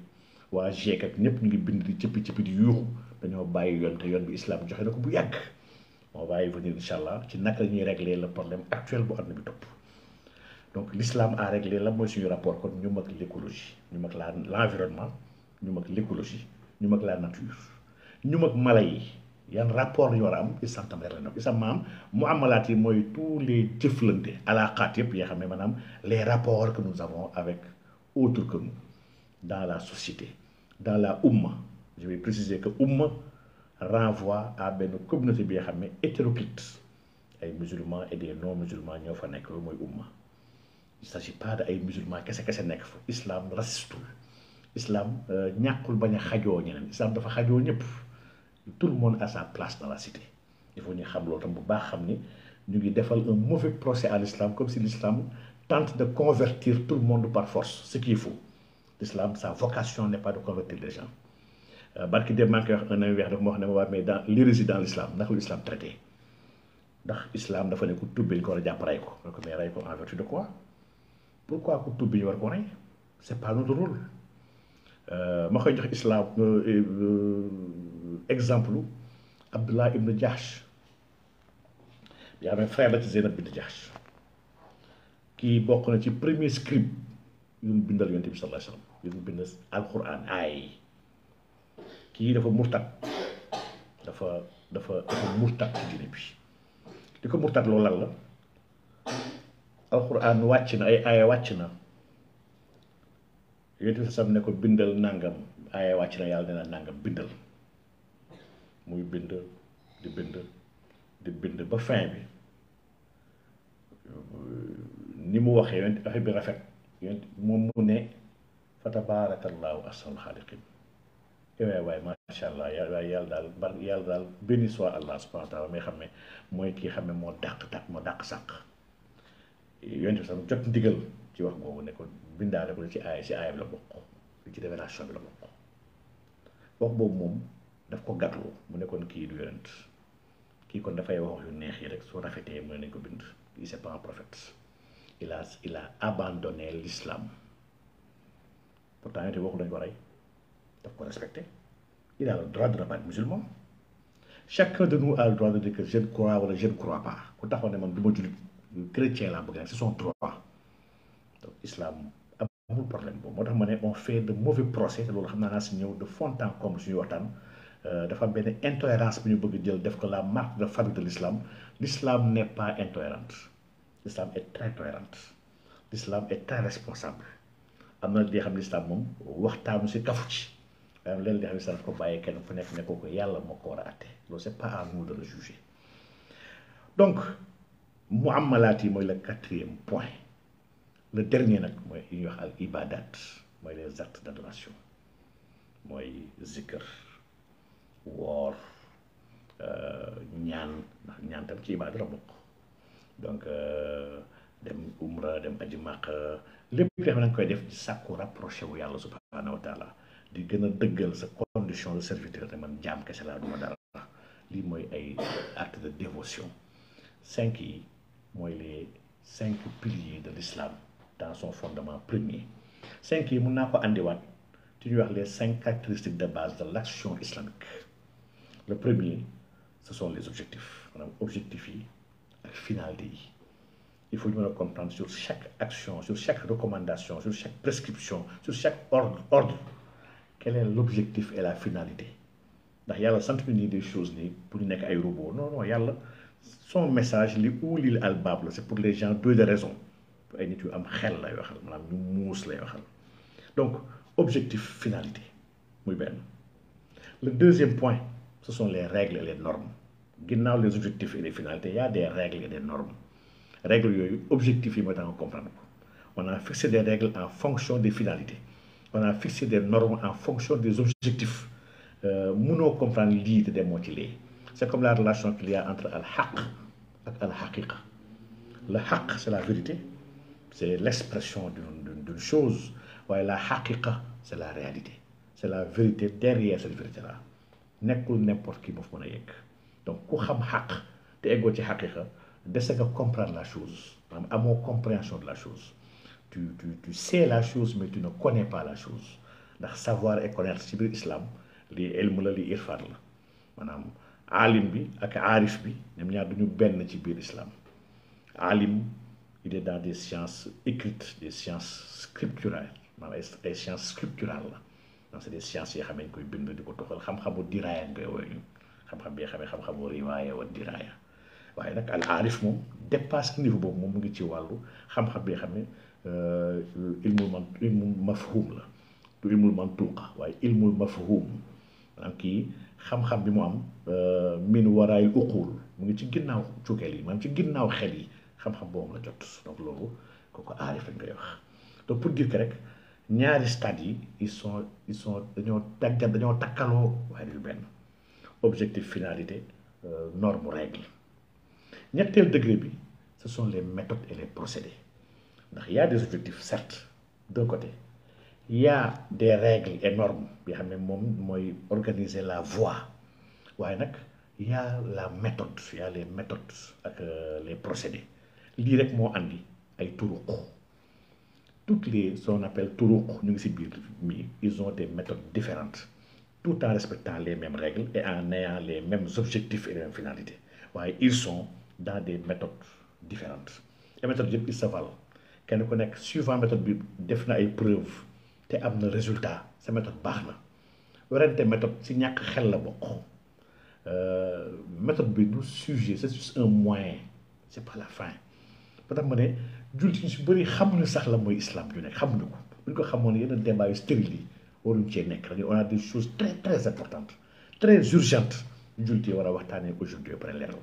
waa GIEC ak ñëpp ñu ngi bind di cëppi cëppi di yuuxu dañoo bàyyi yoon te yoon bi islaam joxe na ko bu yàgg on va y venir incha allah ci naka la ñuy régler le problème actuel bu àdduna bi topp. donc l'islam a réglé le rapport nous l'écologie l'environnement l'écologie nous la nature nous rapport islam tous les les rapports que nous avons avec autre que nous dans la société dans la umma je vais préciser que umma renvoie à une communauté musulmans et des non musulmans il s'agit pas d'un ay musulman kese kese nekk fa islam raciste. islam euh, ñàkkul bañ a L'islam ñeneen islam dafa tout le monde a sa place dans la cité il faut que nous sachions tam bu baax un mauvais procès à l'islam comme si l'islam tente de convertir tout le monde par force ce qu'il faut l'islam sa vocation n'est pas de convertir les gens euh, barki dem maa un ami weex dafa ma mais dans l'hérésie dans l'islam ndax l'Islam islam traité ndax islam dafa ne ku tubbee ko war a jàpp ko mais en vertu de quoi pourquoi ku tubbi ñu war ko rey c' est pas notre rôle euh, ma koy jox islam euh, euh, exemple Abdullah ibn Jahsh bi amee frère la ci Zeynab bint Jahsh kii bokk na ci premier scribe yu mu bindal yonent bi sallallahu alayhi wa sallam yu mu bind alquran aay kii dafa murtad dafa dafa dafa murtad ci diine bi li ko murtad loolu lan la alquran wàcc na ay aaya wàcc na yonent bi sam ne ko bindal nàngam aye wàcc na yàlla ne na nàngam bindal muy bind di bind di bind ba fin bi ni mu waxee yonent affaire bi rafet yonent moom mu ne fa tabaarakallaahu ahsanul xaaliqiin eh, waay waay macha allah yàlla daal ba yàlla daal béni soit allah subhanahu wa taala xam ne mooy kii xam ne moo dàq dàq moo dàq sàq yonent sa sax jot ndigal ci wax googu ne ko bindaale ko ci aaya si aaya la bokk ci révélation bi la bokk wax boobu moom daf ko gàttu mu nekkoon kii du yonent kii kon dafay wax yu neex yi rek su rafetee mu ne ko bind il c'est pas un prophète il a il a abandonné l'islam pourtant yonent bi waxu lañ ko rey daf ko respecté il a le droit de rabat musulman chacun de nous a le droit de dire que je ne crois wala je ne crois pas ku taxaw ne man du ma jullit chrétien sont c'est son droit donc islam un problème de problème on fait de mauvais procès de fond en comble euh, dafa intolérance bi ñu bëgg la marque de fabrique de l'islam l'islam n'est pas intolérant. l'islam est très tolérant. l'islam est très responsable l'islam l'islam c'est pas à nous de le juger donc mu amalaat yi mooy le quatrième point le dernier nag mooy li ñuy wax al ibadat mooy les actes d'adoration mooy zikr woor euh, ñaan ndax ñaan tam ci ibaada la bokk donc euh, dem umra dem aji màq lépp yoo xam ne dañ koy def di sàkku rapproché wu yàlla subhanahu wa taala di gën a dëggal sa condition de serviteur dama man jaam kese laa duma dara lii mooy ay acte de dévotion cinq yi Moi les cinq piliers de l'islam dans son fondement premier cinq yi ko wat les cinq caractéristiques de base de l'action islamique le premier ce sont les objectifs On objectif yi finalité il faut bien comprendre sur chaque action sur chaque recommandation sur chaque prescription sur chaque ordre ordre quel est l'objectif et la finalité ndax y sant des choses pour les ay non son message li c'est pour les gens deux de raisons ay am xel waxal donc objectif finalité le deuxième point ce sont les règles et les normes les objectifs et les finalités il y a des règles et des normes règles yoyu objectifs yi ma tan on a fixé des règles en fonction des finalités on a fixé des normes en fonction des objectifs euh, mënoo comprendre l'idée té demoo ci c'est comme la relation qu'il y a entre al-haq et al-haqiqa. Le haq, c'est la vérité, c'est l'expression d'une chose. Ouais, la haqiqa, c'est la réalité. C'est la vérité derrière cette vérité-là. n'importe qui m'offre fa mën Donc, quand donc ku es xaq te eggoo ci xaqiqa tu comprendre la chose à mon compréhension de la chose tu tu tu sais la chose mais tu ne connais pas la chose ndax savoir et connaître c'est l'Islam islam lii ilmu la irfan la alim bi ak arif bi ñoom ñaar duñu benn ci biir islam alim il est dans des sciences écrites des sciences scripturales maanaam ay sciences scripturales la donc c'est des sciences yi xam ne koy bind di ko toxal xam-xamu diraaya nga yooyu xam-xam bi nga xam xamu riwaaya wa diraaya waaye nag al arif moom dépasse niveau boobu moom mu ngi ci wàllu xam-xam bi nga xam ne euh, ilmul man ilmul mafhum la du ilmul mantuqa waaye ilmul mafhum maanaam kii xam-xam bi mu am euh, min waraay uquul mu ngi ci ginnaaw cukkeel yi maanaam ci ginnaaw xel yi xam-xam boobu la jot donc loolu kooku aarif lañ koy wax donc pour dire que rek ñaari stade yi ils sont ils sont dañoo tàggat dañoo takkaloo waaye du benn objectif finalité euh, norme règle ñetteel degré bi ce sont les méthodes et les procédés ndax y a des objectifs certes d'un côté il y a des règles énormes normes y organisé la voie il y a la méthode il y a les méthodes euh, les procédés directement rek y andi ay toutes les qu'on appelle tout, ñu ils ont des méthodes différentes tout en respectant les mêmes règles et en ayant les mêmes objectifs et les mêmes finalités ils sont dans des méthodes différentes et méthodes qui ils se Quand on connaît suivant méthode bi def preuves te am na résultat sa méthode baax na werante méthode si ñàkk xel la bokk euh, méthode bi du sujet c'est juste un moyen c'est pas la fin ba tax ma ne jullit ñu si bëri xamuñu sax la mooy islam ju nekk xamuñu ko bu ñu ko xamoon yeneen débat yu stérile yi cee nekk on a des choses très très importantes très urgentes jullit yi war a waxtaanee aujourd'hui après pare leeral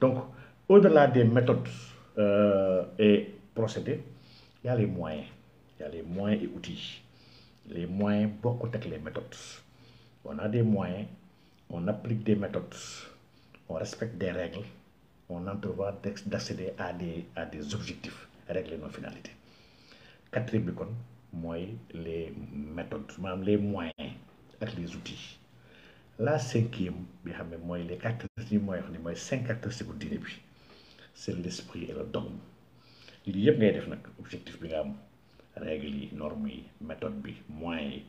donc au-delà des méthodes euh, et procédés y a les moyens il y a les moyens et outils. Les moyens, beaucoup avec les méthodes. On a des moyens, on applique des méthodes, on respecte des règles, on entrevoit d'accéder à des, à des objectifs, régler nos finalités. Quatrième c'est les méthodes même les moyens et les outils la cinquième les quatre caractéristiques c'est l'esprit et le dogme il y a def nag objectif règles yi normes yi méthode bi moyens yi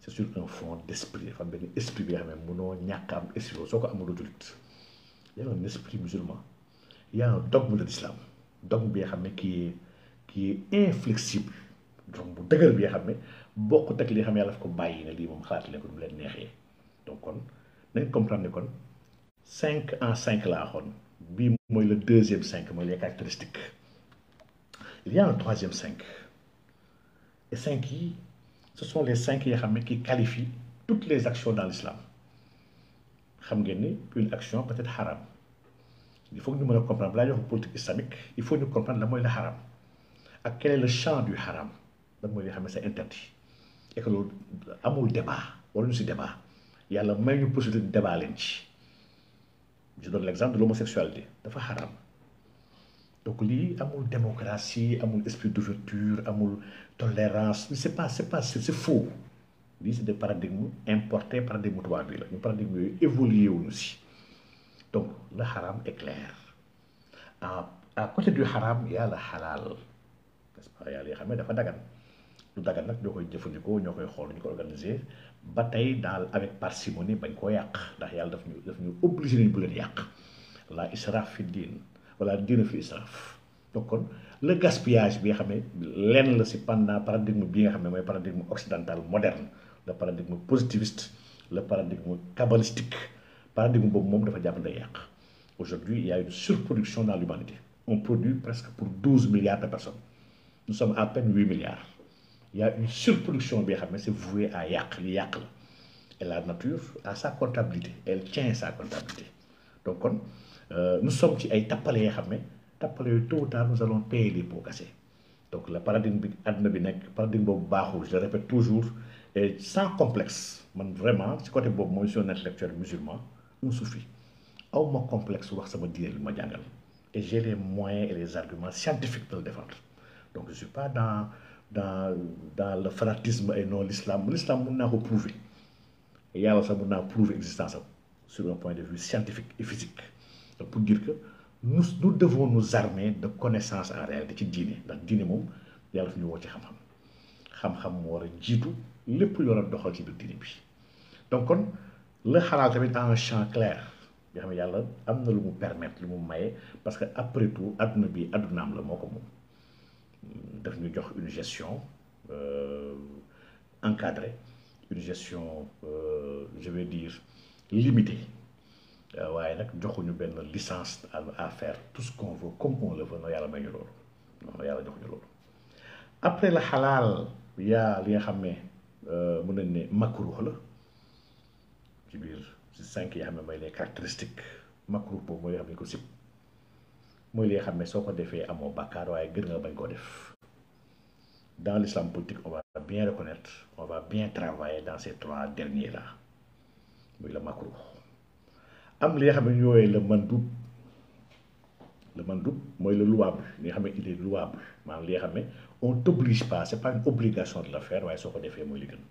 c' est sur un fond d' esprit dafa benn esprit bi nga xam ne mënoo ñàkk am esprit soo ko amul julit y a un esprit musulman y a un dogme de l'islam dogme bi nga xam ne qui est inflexible donc bu dëgër bi nga xam ne bokkut ak li nga xam ne yàlla ko bàyyi ne lii moom xalaat leen ko mu leen neexee donc kon nañ comprendre kon cinq en cinq laa xoon bii mooy le deuxième cinq mooy les caractéristiques il y a un troisième cinq les cinq ce sont les cinq qui qualifient toutes les actions dans l'islam une action peut être haram il faut que nous comprenions la politique islamique il faut nous comprendre la moelle haram À quel est le champ du haram La moelle li nga c'est interdit et que loolu amul débat il y débat yàlla may ñu possibilité débat leen je donne l'exemple de l'homosexualité dafa haram donc lii amul démocratie amul esprit d'ouverture amul tolérance c'est pas c'est pas c'est faux lii c'est des paradigmes importés par des bi la ñu paradigme évolué aussi. donc le haram est clair à à côté du haram y a le halal n'est-ce pas yàlla yoo xam ne dafa dagan nous dagan nag ñoo koy jëfandikoo ñoo koy xool ñu ko organiser ba tey daal avec parcimonie bañ koo yàq ndax yàlla daf ñu daf ñu obligé nañ bu leen yàq la israf fi diin voilà dina fi donc le gaspillage bi xamé l'aile, la paradigme bi paradigme occidental moderne le paradigme positiviste le paradigme kabbalistique paradigme monde de dafa jàpp de aujourd'hui il y a une surproduction dans l'humanité on produit presque pour 12 milliards de personnes nous sommes à peine 8 milliards il y a une surproduction bi c'est voué à yak li la et la nature a sa comptabilité elle tient sa comptabilité donc on... Euh, nous sommes qui ay tappale yoo xam ne tappale tôt nous allons payer les pots cassés donc le paradigme bi bi nek paradigme je le répète toujours et sans complexe man vraiment ci côté boobu mooy son intellectuel musulman on suffit aw ma complexe wax sama diine ma jangal et j'ai les moyens et les arguments scientifiques pour le défendre donc je suis pas dans dans dans le fanatisme et non l'islam l'islam n'a prouvé et prouver a ça mun naa prouver existence sur un point de vue scientifique et physique pour dire que nous nous devons nous armer de connaissances en réalité ci diine ndax diine mom yalla fi ñu woo ci xam-xam xam-xam mo wara jitu lepp lépp lu war doxal ci biir bi donc kon le halal tamit en champ clair bi xam yalla amna lu mu permettre lu mu maye parce que après tout aduna bi addunaam la moko mom daf ñu jox une gestion euh encadrée une gestion euh, je vais dire limitée euh, waaye nag joxuñu benn licence à faire tout ce qu'on veut comme on le veut non yàlla may ñu loolu non yàlla joxuñu loolu après la xalaal ya li nga xam ne euh, mën nañ ne makruux la ci biir ci cinq yi nga xam ne mooy les caractéristiques makruux boobu mooy li nga xam ne ko sib mooy li nga xam ne soo ko defee amoo bàkkaar waaye gën nga bañ koo def dans l'islam politique on va bien reconnaître on va bien travailler dans ces trois derniers là muy la makruux am li nga xam ne ñooy le mandub le mandub mooy le louable li nga xam ne il est louable maanaam li nga on t'oblige pas c'est pas une obligation de la faire waaye soo ko defee mooy li gën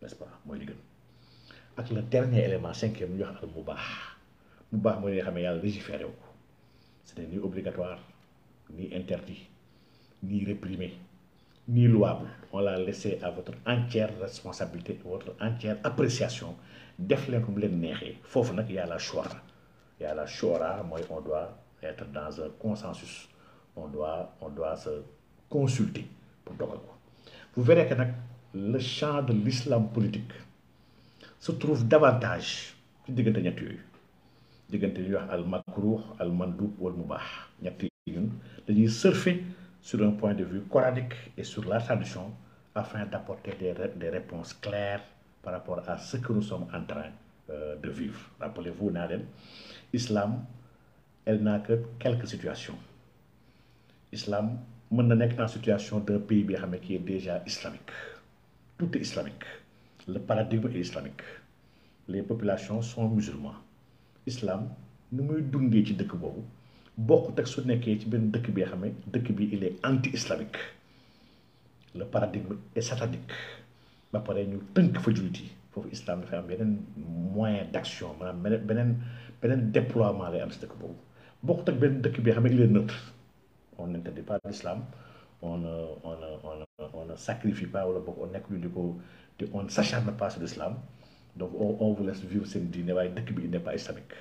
n'est-ce pas mooy li gën ak le dernier élément cinquième ñu wax al mu baax mu baax mooy li nga xam ne yàlla légiféré wu c'est ni obligatoire ni interdit ni réprimé ni louable on l'a laissé à votre entière responsabilité votre entière appréciation def leen ko bu leen neexee foofu nag y a la shura y la shura mooy on doit être dans un consensus on doit on doit se consulter pour dogal ko vous verrez que nag le champ de l'islam politique se trouve davantage ci diggante ñett yooyu diggante ñuy wax al makruh al mandub wal mubah ñett ñun dañuy surfer sur un point de vue coranique et sur la tradition afin d'apporter des, des réponses claires par rapport à ce que nous sommes en train euh, de vivre. Rappelez-vous, l'islam islam, elle n'a que quelques situations. Islam, mën na situation d'un pays qui est déjà islamique. Tout est islamique. Le paradigme est islamique. Les populations sont musulmans. Islam, nous est anti-islamique. Le paradigme est satanique. ba pare ñu tënk fa jullit yi foofu islam dafay am yeneen moyen d' action beneen beneen beneen déploiement lay am si dëkk boobu bokkut ak benn dëkk bi nga xam ne il est neutre on n'interdit pas l'islam on on on on sacrifie pas wala boog on nekk ñu di ko di on s'acharne pas sur l'islam donc on on vous laisse vivre seen diine waaye dëkk bi il n'est pas islamique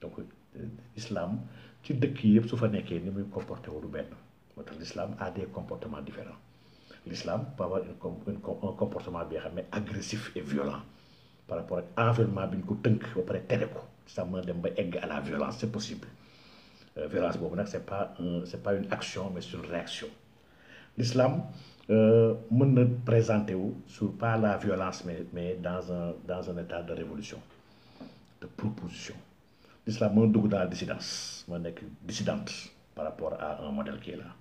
donc euh, islam ci dëkk yi yëpp su fa nekkee ni muy comporté wu du benn moo tax l'islam a des l'islam peut avoir un comportement bien agressif et violent par rapport à l'environnement de ça me à la violence c'est possible euh, violence ce n'est c'est pas c'est pas une action mais c'est une réaction l'islam ne euh, me présenter sur pas la violence mais mais dans un dans un état de révolution de proposition l'islam me suis dans la dissidence mën dissidente par rapport à un modèle qui est là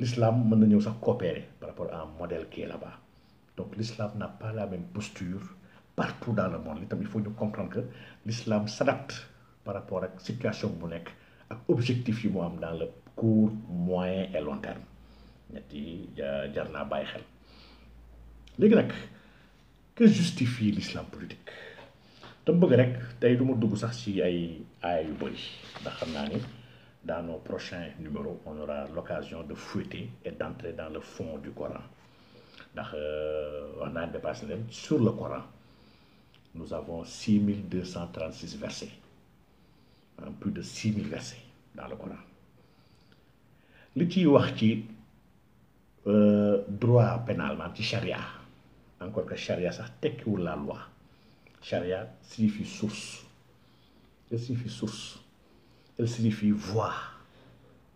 l'islam mën na ñëw coopérer par rapport à un modèle qui est là-bas donc l'islam n'a pas la même posture partout dans le monde il faut comprendre que l'islam s'adapte par rapport à la situation bu à ak objectif dans le court moyen et long terme ñett yi que justifie l'islam politique bëgg rek tey du ma dugg sax ci ay dans nos prochains numéros, on aura l'occasion de fouetter et d'entrer dans le fond du Coran. Donc, euh, sur le Coran nous avons 6236 versets hein, plus de 6000 versets dans le Coran Le wax euh, droit pénal c'est charia encore que charia ça la loi charia signifie source que signifie source elle signifie voir,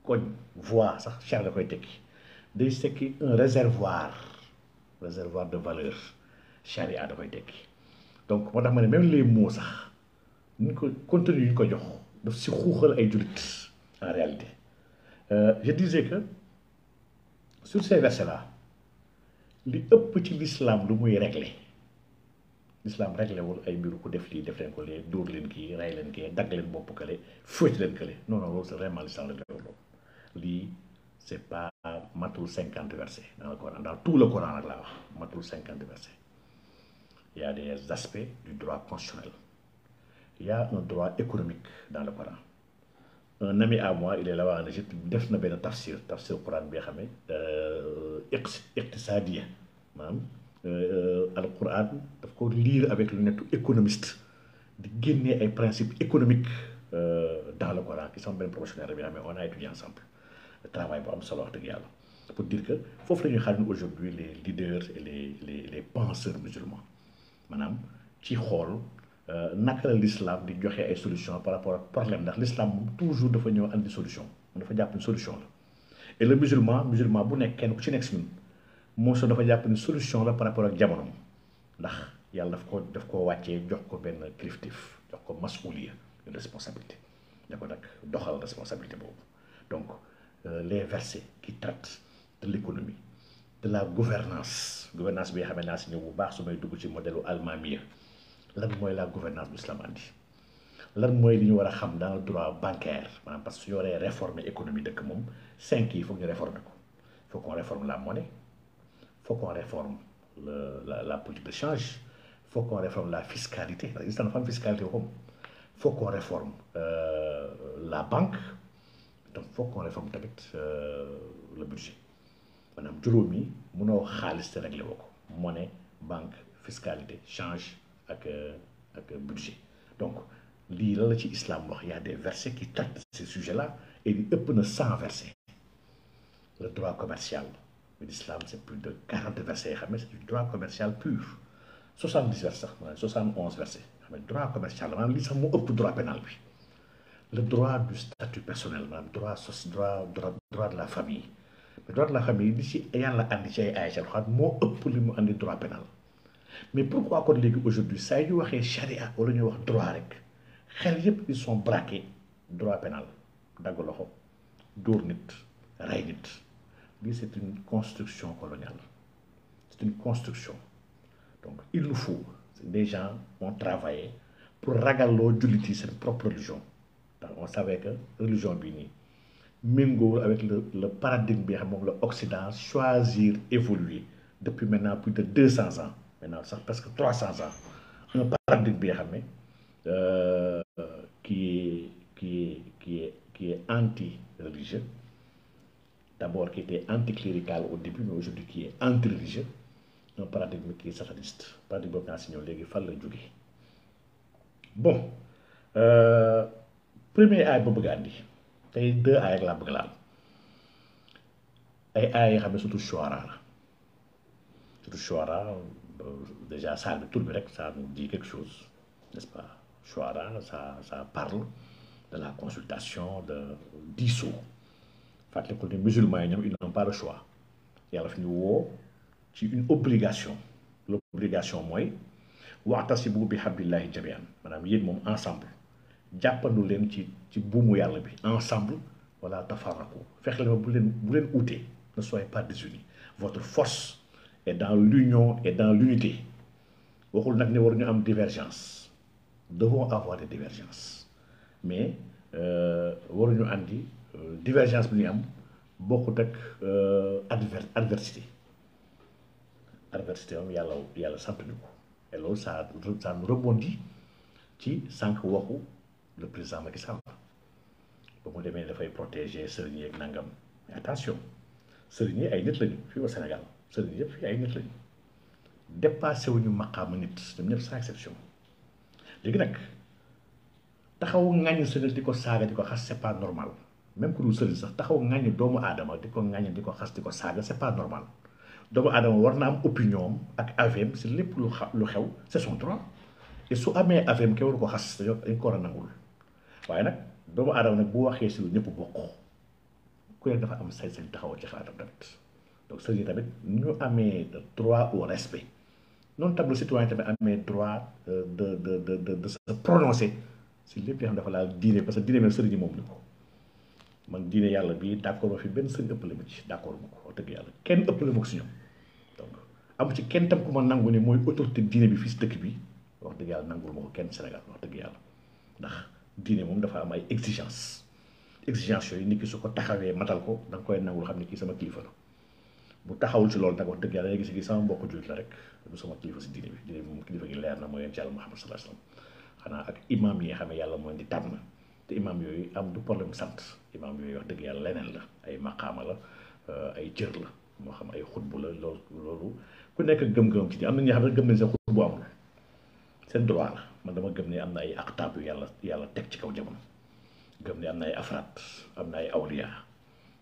koñ ça, « ça de la koy C'est un réservoir réservoir de valeur charia de koy donc madame, même les mots ça, nous ko contenu yi ñu ko jox daf si en réalité euh, je disais que sur ces versets là les petits ci l'islam lu réglés. régler l'islam réglé wul ay mbiru ko def li def leen ko lee ki ray len rey dag len bop leen le kële fóoti leen le non non loolu c'est vraiment l'islam réglé wul loolu c'est pas matul 50 versets dans le Coran dans tout le Coran nag laa wax matul 50 versets il y a des aspects du droit constitutionnel il y a un droit économique dans le Coran un ami à moi il est là-bas en Égypte def na ben tafsir tafsir Coran bi xamé euh ne iqtisadiya maanaam Coran, euh, il ko lire avec le nettu économiste di génnee ay principes économiques euh, dans le Coran qui sont bien professionnels mais on a étudié ensemble Le travail bu am solo wax pour dire que fof que nous aujourd'hui les leaders et les les penseurs musulmans Madame, ci xol euh, naka l'islam di joxe ay solutions par rapport au problème ndax l'islam toujours dafa ñëw andi solution dafa japp ni solution et le musulman musulman bu nek kenn ku ci nek Muusa dafa jàpp ne solution la par rapport ak jamono ndax yalla daf ko daf ko wàccee jox ko ben criftif jox ko masuliya une responsabilité da ko nag doxal responsabilité bobu donc euh, les versets qui traitent de l'économie de la gouvernance gouvernance bi nga xam ne naa bu baax su may dugg ci modèle u almamia lan mooy la gouvernance bu islam andi lan mooy li ñu wara xam dans le droit bancaire maanaam parce que su ñu réformer économie dëkk mom cinq yi faut ñu réformer ko faut qu'on réforme la monnaie faut qu'on réforme le, la, la, politique de change, faut qu'on réforme la fiscalité. Il fiscalité faut qu'on réforme euh, la banque, donc faut qu'on réforme euh, le budget. Madame juróom yi mënoo xaalis te réglé woo ko monnaie banque fiscalité change ak euh, ak budget donc lii la ci y a des versets qui traitent ces sujets là et il y a plein de 100 versets le droit commercial mais l'islam, c'est plus de 40 versets. C'est du droit commercial pur. 70 versets, 71 versets. Le droit commercial, c'est le droit pénal. Le droit du statut personnel, le droit, droit, droit, droit de la famille. Le droit de la famille, handicap il y a le droit pénal. Mais pourquoi aujourd'hui, ça y est, charia, ou le droit ils sont braqués. Droit pénal. D'accord, d'ournit, raïnit c'est une construction coloniale. C'est une construction. Donc, il nous faut des gens qui ont travaillé pour ragalo de leur propre religion. on savait que religion bini mingo avec le, paradigme de l'occident choisir évoluer depuis maintenant plus de 200 ans maintenant ça presque 300 ans un paradigme qui qui qui qui est anti religieux d'abord qui était anticlérical au début, mais aujourd'hui qui est anti-religieux, un paradigme qui est sataniste. Paradigme qui est Bon, euh, premier aay dire, bon andi tey deux aay rek laa bëgg laal ay aay yoo surtout Chouara Le surtout Chouara euh, déjà ça, ça nous dit quelque chose n'est-ce pas Chouara ça ça parle de la consultation de diisoo fàttalikul ne musulmans musulman, ñoom ils n'ont pas le choix yàlla fi ñu woo une obligation l'obligation mooy waxtasibu bi hablillahi jamian maanaam yéen mom ensemble jàppandu leen ci ci buumu yàlla bi ensemble wala tafarraku fexe leen bu leen bu ne soyez pas désunis votre force est dans l'union et dans l'unité waxul nak ne war ñu am divergence devons avoir des divergences mais euh, waruñu andi Euh, divergence bi ñu am bokut ak euh adversité adversité am yalla yalla sant ñuko et lool ça ça nous rebondit ci sank waxu le président Macky Sall bu mu démé da fay protéger serigne ak nangam attention serigne ay nit lañu fi au Sénégal serigne yépp fii ay nit lañu dépassé wuñu maqam nit ñoom ñep sans exception légui nak taxaw ŋàññu sa diko saga diko xass c'est pas normal. même ku dul sëriñ sax taxaw ŋàññi doomu aadama di ko ŋàññi di ko xas di ko saaga c'est pas normal doomu aadama war na am opinion am ak avem si lépp lu xa lu xew c'est son droit su amee avem ke waru ko xas dañ ko war a waaye nag doomu aadama nag bu waxee si lu ñëpp bokk ku dafa am sañ-sañ taxaw ci xalaatam tamit donc sëriñ tamit ñu amee troit au respect noonu tam le citoyen tamit amee droit euh, de de de de se prononcer si lépp li xam dafa laal diine parce que diine même sëriñ moom la ko man diine yàlla bii d' accord ma fi benn sëñ ëppale ma ci d' accord ma ko wax dëgg yàlla kenn ëppale ma ko si ñoom donc amu ci kenn tam ku ma nangu ne mooy autorité diine bi fii si dëkk bi wax dëgg yàlla nangul ma ko wax dëgg yàlla ndax diine moom dafa am ay exigence exigence yooyu nit ki su ko taxawee matal ko da nga koy nangul xam ne kii sama kilifa la bu taxawul si loolu nag wax dëgg yàlla da ngay gis kii sama mbokk jullit la rek du sama kilifa si diine bi diine bi moom kilifa gi leer na mooy yonent yàlla Muhammad sallallahu alayhi wasallam xanaa ne yàlla mooy di tànn te imaam yooyu am du problème sant imaam yooyu wax dëgg yàlla leneen la ay maqaama la euh, ay cër la moo xam ay xutbu la loolu ku nekk gëm-gëm ci am na sa xutbu amul seen droit la man dama gëm ne am na ay aqtaab yu yàlla yàlla teg ci kaw jamono gëm ne am na ay afraat am na ay awliya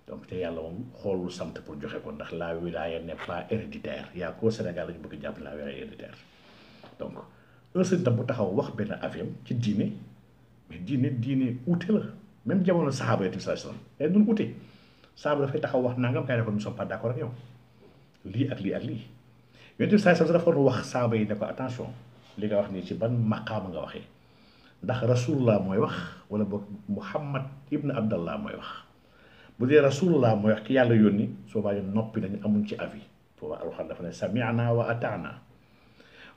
donc te yàlla moom xoolu sant pour joxe ko ndax la wilaya n'est pas héréditaire yaa ko Sénégal la ñu bëgg jàpp la wilaya héréditaire donc un sëriñ tam bu taxaw wax benn affaire ci diine mais diine diine ute la même jamono saxaaba yi sallallahu alayhi wasallam dañ doon ute saxaaba dafay taxaw wax nangam kay ne ko nous sommes pas d'accord ak yow lii ak lii ak lii yonent bi sallallahu alayhi wax saxaaba yi ne ko attention li nga wax nii ci ban maqaama nga waxee ndax rasulullah mooy wax wala boog muhammad ibn abdallah mooy wax bu dee rasulullah mooy wax ki yàlla yónni soobaa ñu noppi nañu amuñ ci avis soobaa alxuraan dafa ne sami'na wa ata'na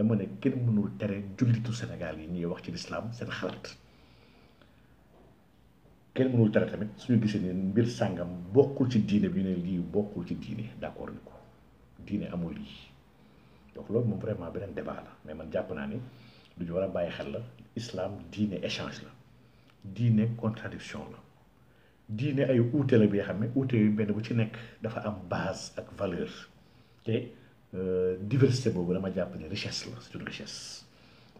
dama ne kenn mënul tere jullitu Sénégal yi ñuy wax ci lislaam seen xalaat kenn mënul tere tamit suñu gisee ne mbir sàngam bokkul ci diine bi ne lii bokkul ci diine d'accord ni ko diine amul lii donc loolu moom vraiment beneen débat la mais man jàpp naa ni lu ñu war a bàyyi xel la islam diine échange la diine contradiction la diine ay uute la bi xam ne uute yu benn bu ci nekk dafa am base ak valeur te Euh, diversité boobu dama richesse c'est une richesse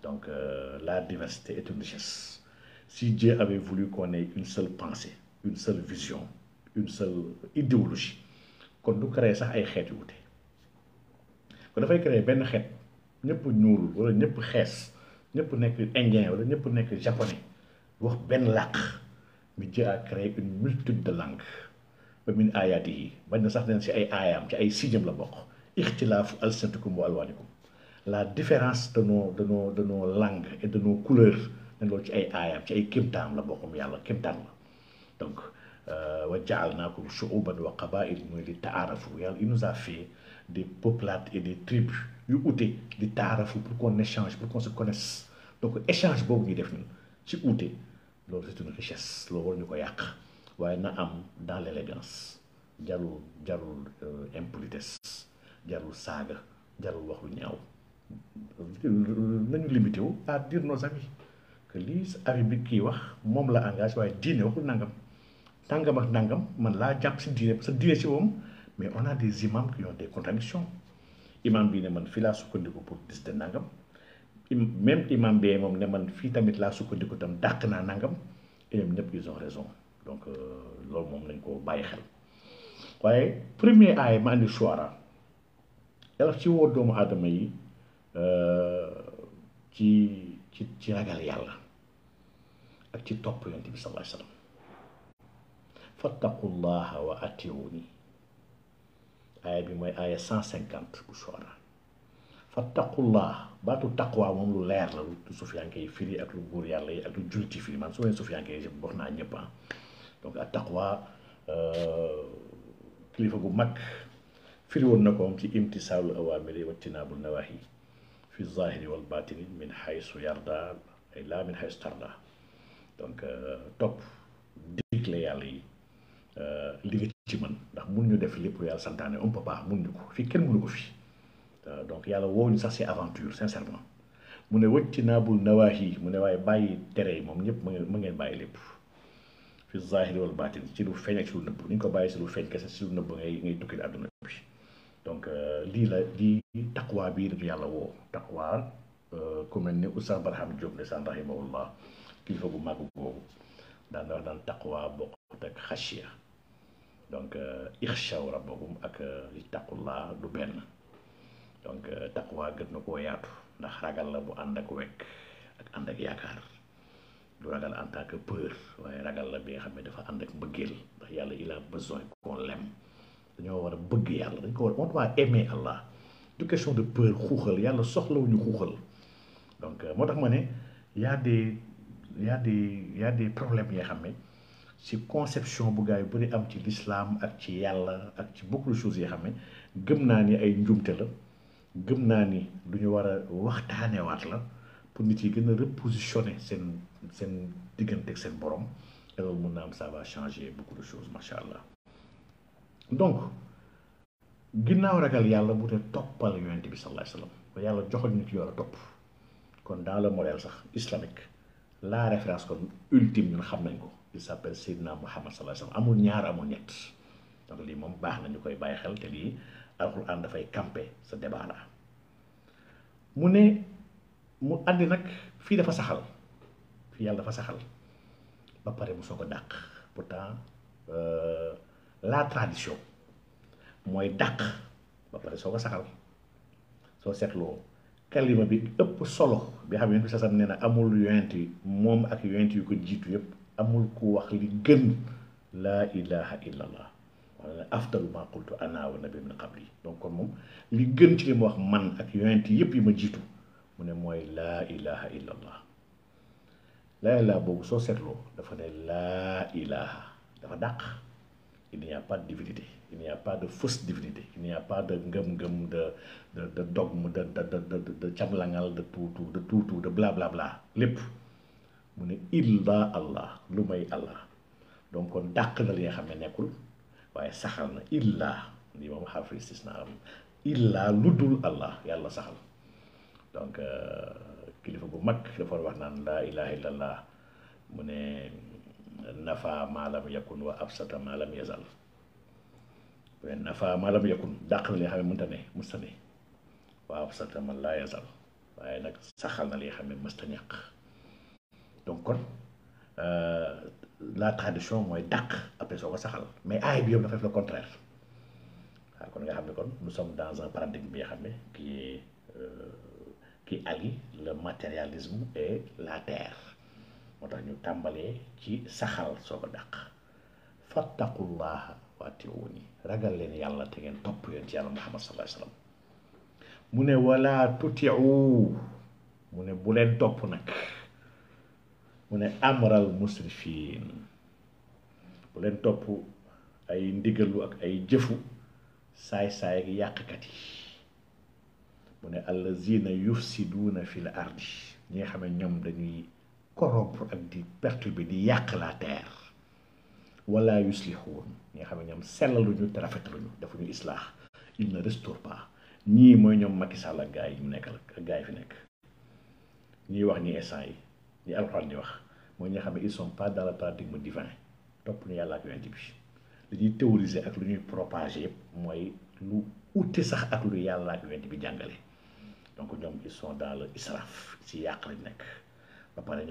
donc euh, la diversité est une richesse si Dieu avait voulu qu'on ait une seule pensée une seule vision une seule idéologie kon du créer sax ay xeet yu wute créer wala indien wala japonais wax mais Dieu a créé une multitude de langues ba min yi bañ sax si ay Ikhtilaf al wa alwanikum. La différence de nos, de, nos, de nos langues et de nos couleurs, de nos ayam, c'est kimtam la bokum yalla, kimtam la. Donc, وجعلناكم شعوبا وقبائل لتعارفوا يلا il nous a fait des peuplades et des tribus yu outé di taarafu pour qu'on échange pour qu'on se connaisse donc échange boobu ñuy def ñu ci outé loolu c'est une richesse loolu ñu ko yàq waaye na am dans l'élégance jarul jarul euh, impolitesse jarul saaga jarul wax lu ñaaw nañu limité wu à dire nos avis que lii avis bi kii wax moom la engagé waaye diine waxul nangam nangam ak nangam man laa jàpp si diine parce que diine si moom mais on naa des imams qui ont des contradictions imam bii ne man fii laa sukkandiku pour décider nangam même imam bee moom ne man fii tamit laa sukkandiku tam dàq naa nangam et ñoom ñëpp ils ont raison donc euh, loolu moom lañ koo bàyyi xel waaye premier aaya ma andi suara yàlla ci wo doomu adama yi euh ci ci ci ragal yalla ak ci top yonent bi sallallahu alayhi wasallam fattaqullaha wa atiuni ay bi moy aaya 150 bu soora fattaqullah batu taqwa mom lu leer la lu sufyan kay firi ak lu bur yalla ak lu julti firi man so len sufyan kay wax naa ñepp ah. donc at taqwa euh kilifa gu mak firi woon na ko am ci imtisaalul awaamiri wajtinaabul nawaahi fi zahiri wal baatini min xaysu yarda ay laa min xaysu tarda donc topp digle yàlla yi li nga ci mën ndax mun ñu def lépp lu yàlla santaane on peut pas mun ñu ko fii kenn mënu ko fii donc yàlla woo ñu sax si aventure sincèrement mu ne wajtinaabul nawaahi mu ne waaye bàyyi tere yi moom ñëpp mu ngeen bàyyi lépp fi zahiri wal baatin ci lu feeñ ak ci lu nëbb ni ñu ko bàyyi si lu feeñ kese si lu nëbb ngay ngay tukki àdduna bi donc euh, lii la lii taqwa bii rek yàlla woo taqwa euh, ku mel ni Oustaz Barham Diop ne saan rahimahullah kilifa gu màgg boobu daan na wax daan taqwa bokkut ak xasiya donc euh, rabbakum ak du benn donc taqwa gën na koo yaatu ndax ragal la bu ànd ak wekk ak ànd ak yaakaar du ragal en tant que peur waaye ragal la bi nga xam ne dafa ànd ak mbëggeel ndax yàlla il a besoin qu'on l'aime dañoo war a bëgg yàlla dañ ko war on doit aimer Allah du question de peur xuuxal yàlla soxlawuñu xuuxal donc euh, moo tax ma ne y a des y a des y a des problèmes yoo xam ne ci conception bu gaa yu bëri am ci l'islam ak ci yàlla ak ci beaucoup de choses yoo xam ne gëm naa ni ay njuumte la gëm naa ni lu ñu war a waxtaanewaat la pour nit yi gën a repositionner seen seen diggante ak seen borom te loolu mun naa am ça va changer beaucoup de choses macha allah. donc ginnaaw ragal yàlla bu te toppal yonent bi sallallahu alayhi wa sallam ba yàlla joxoñ ñu ci topp kon dans le modèle sax islamique la référence kon ultime ñun xam nañ ko il s'appelle Seydina Muhammad sallallahu alayhi wa sallam amul ñaar amul ñett donc lii moom baax na ñu koy bàyyi xel te lii alxuraan dafay campé sa débat la mu ne mu àndi nag fii dafa saxal fii yàlla dafa saxal ba pare mu soo ko dàq pourtant euh, la tradition mooy dàq ba pare soo ko saxal soo seetloo kalima bi ëpp solo bi xam yonent bi sasam nee na amul yonent moom ak yonent yu ko jiitu yëpp amul ku wax li gën laa ilaha illa allah wala afdalu ma qultu ana wa nabi min qabli donc kon ak yonent yëpp yi ma mu ne mooy laa ilaha illa allah laa boobu soo seetloo dafa ne laa ilaha dafa dàq Il n'y a pas de divinité, il n'y a pas de fausse divinité, il n'y a pas de the gum de, de, de, dogme, de, de, de, de, de chamlangal, de tout, de tout, de blablabla. Lip. Mune illa allah lu allah donc kon dàq na li nga xam ne nekkul waaye saxal na illa li moom xarfu istisna am illa lu allah yàlla ya saxal donc eh, kilifa bu mag dafa wax naan laa ilaha illallah mu نفى ما لم يكن وأبسط ما لم يزل نفى ما لم يكن dàq na li nga xam ne mënta ne mësta ne wa absata ma laa yazal waaye nag saxal na li nga xam ne mësta ñàkk donc kon la tradition mooy dàq après soo ko saxal mais aay bi yëpp dafa def le contraire waaw kon nga xam ne kon nous sommes dans un paradigme bi nga xam ne qui est qui allie le matérialisme et la terre moo tax ñu tàmbalee ci saxal soog a dàq fattaqullaha waatiuni ragal leen yàlla te ngeen topp yoon ci yàlla muhammad sallallahu mu ne wala tutiu mu ne bu leen topp nag mu ne amral musrifin bu leen topp ay ndigalu ak ay jëfu saay-saay ak yàqkat yi mu ne allazina yufsiduuna fil ardi ñi nga xam ne ñoom dañuy corrompre ak di perturber di yak la terre wala yuslihun ñi nga xam ne ñoom sellaluñu te rafetaluñu defuñu islah il ne restaure pas ñi moy ñom Macky Sall ak gaay yi mu nekkal ak gaay fi nekk ñi wax ni instant ni alcorane di wax moy ñi nga ils sont pas dans la paradigme divin top ñu yalla ak yonent bi li ñi théoriser ak lu ñuy propager yëpp lu outé sax ak lu yalla ak yonent bi jangalé donc ñom ils sont dans le israf si yàq lañ nekk ba pare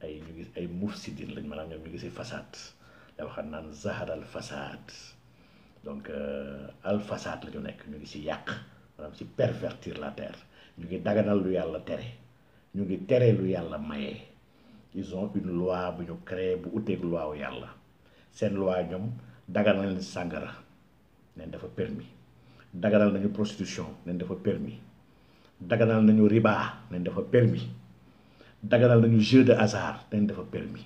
ay ñu ngi ay mufsidin lañ maanaam ñoom ñu ngi si fasaad da waxaat naan donc euh, al fasad la ñu nekk ñu ngi si yàq maanaam si pervertir la terre ñu ngi daganal lu Yalla tere ñu ngi tere lu Yalla maye ils ont une loi bu ñu créé bu uteeg loi wu yàlla sen loi ñoom daganal nañ sàngara neen dafa permis daganal nañu prostitution neen dafa permis daganal nañu riba neen dafa permis daganal nañu jeu de hasard dañ dafa permis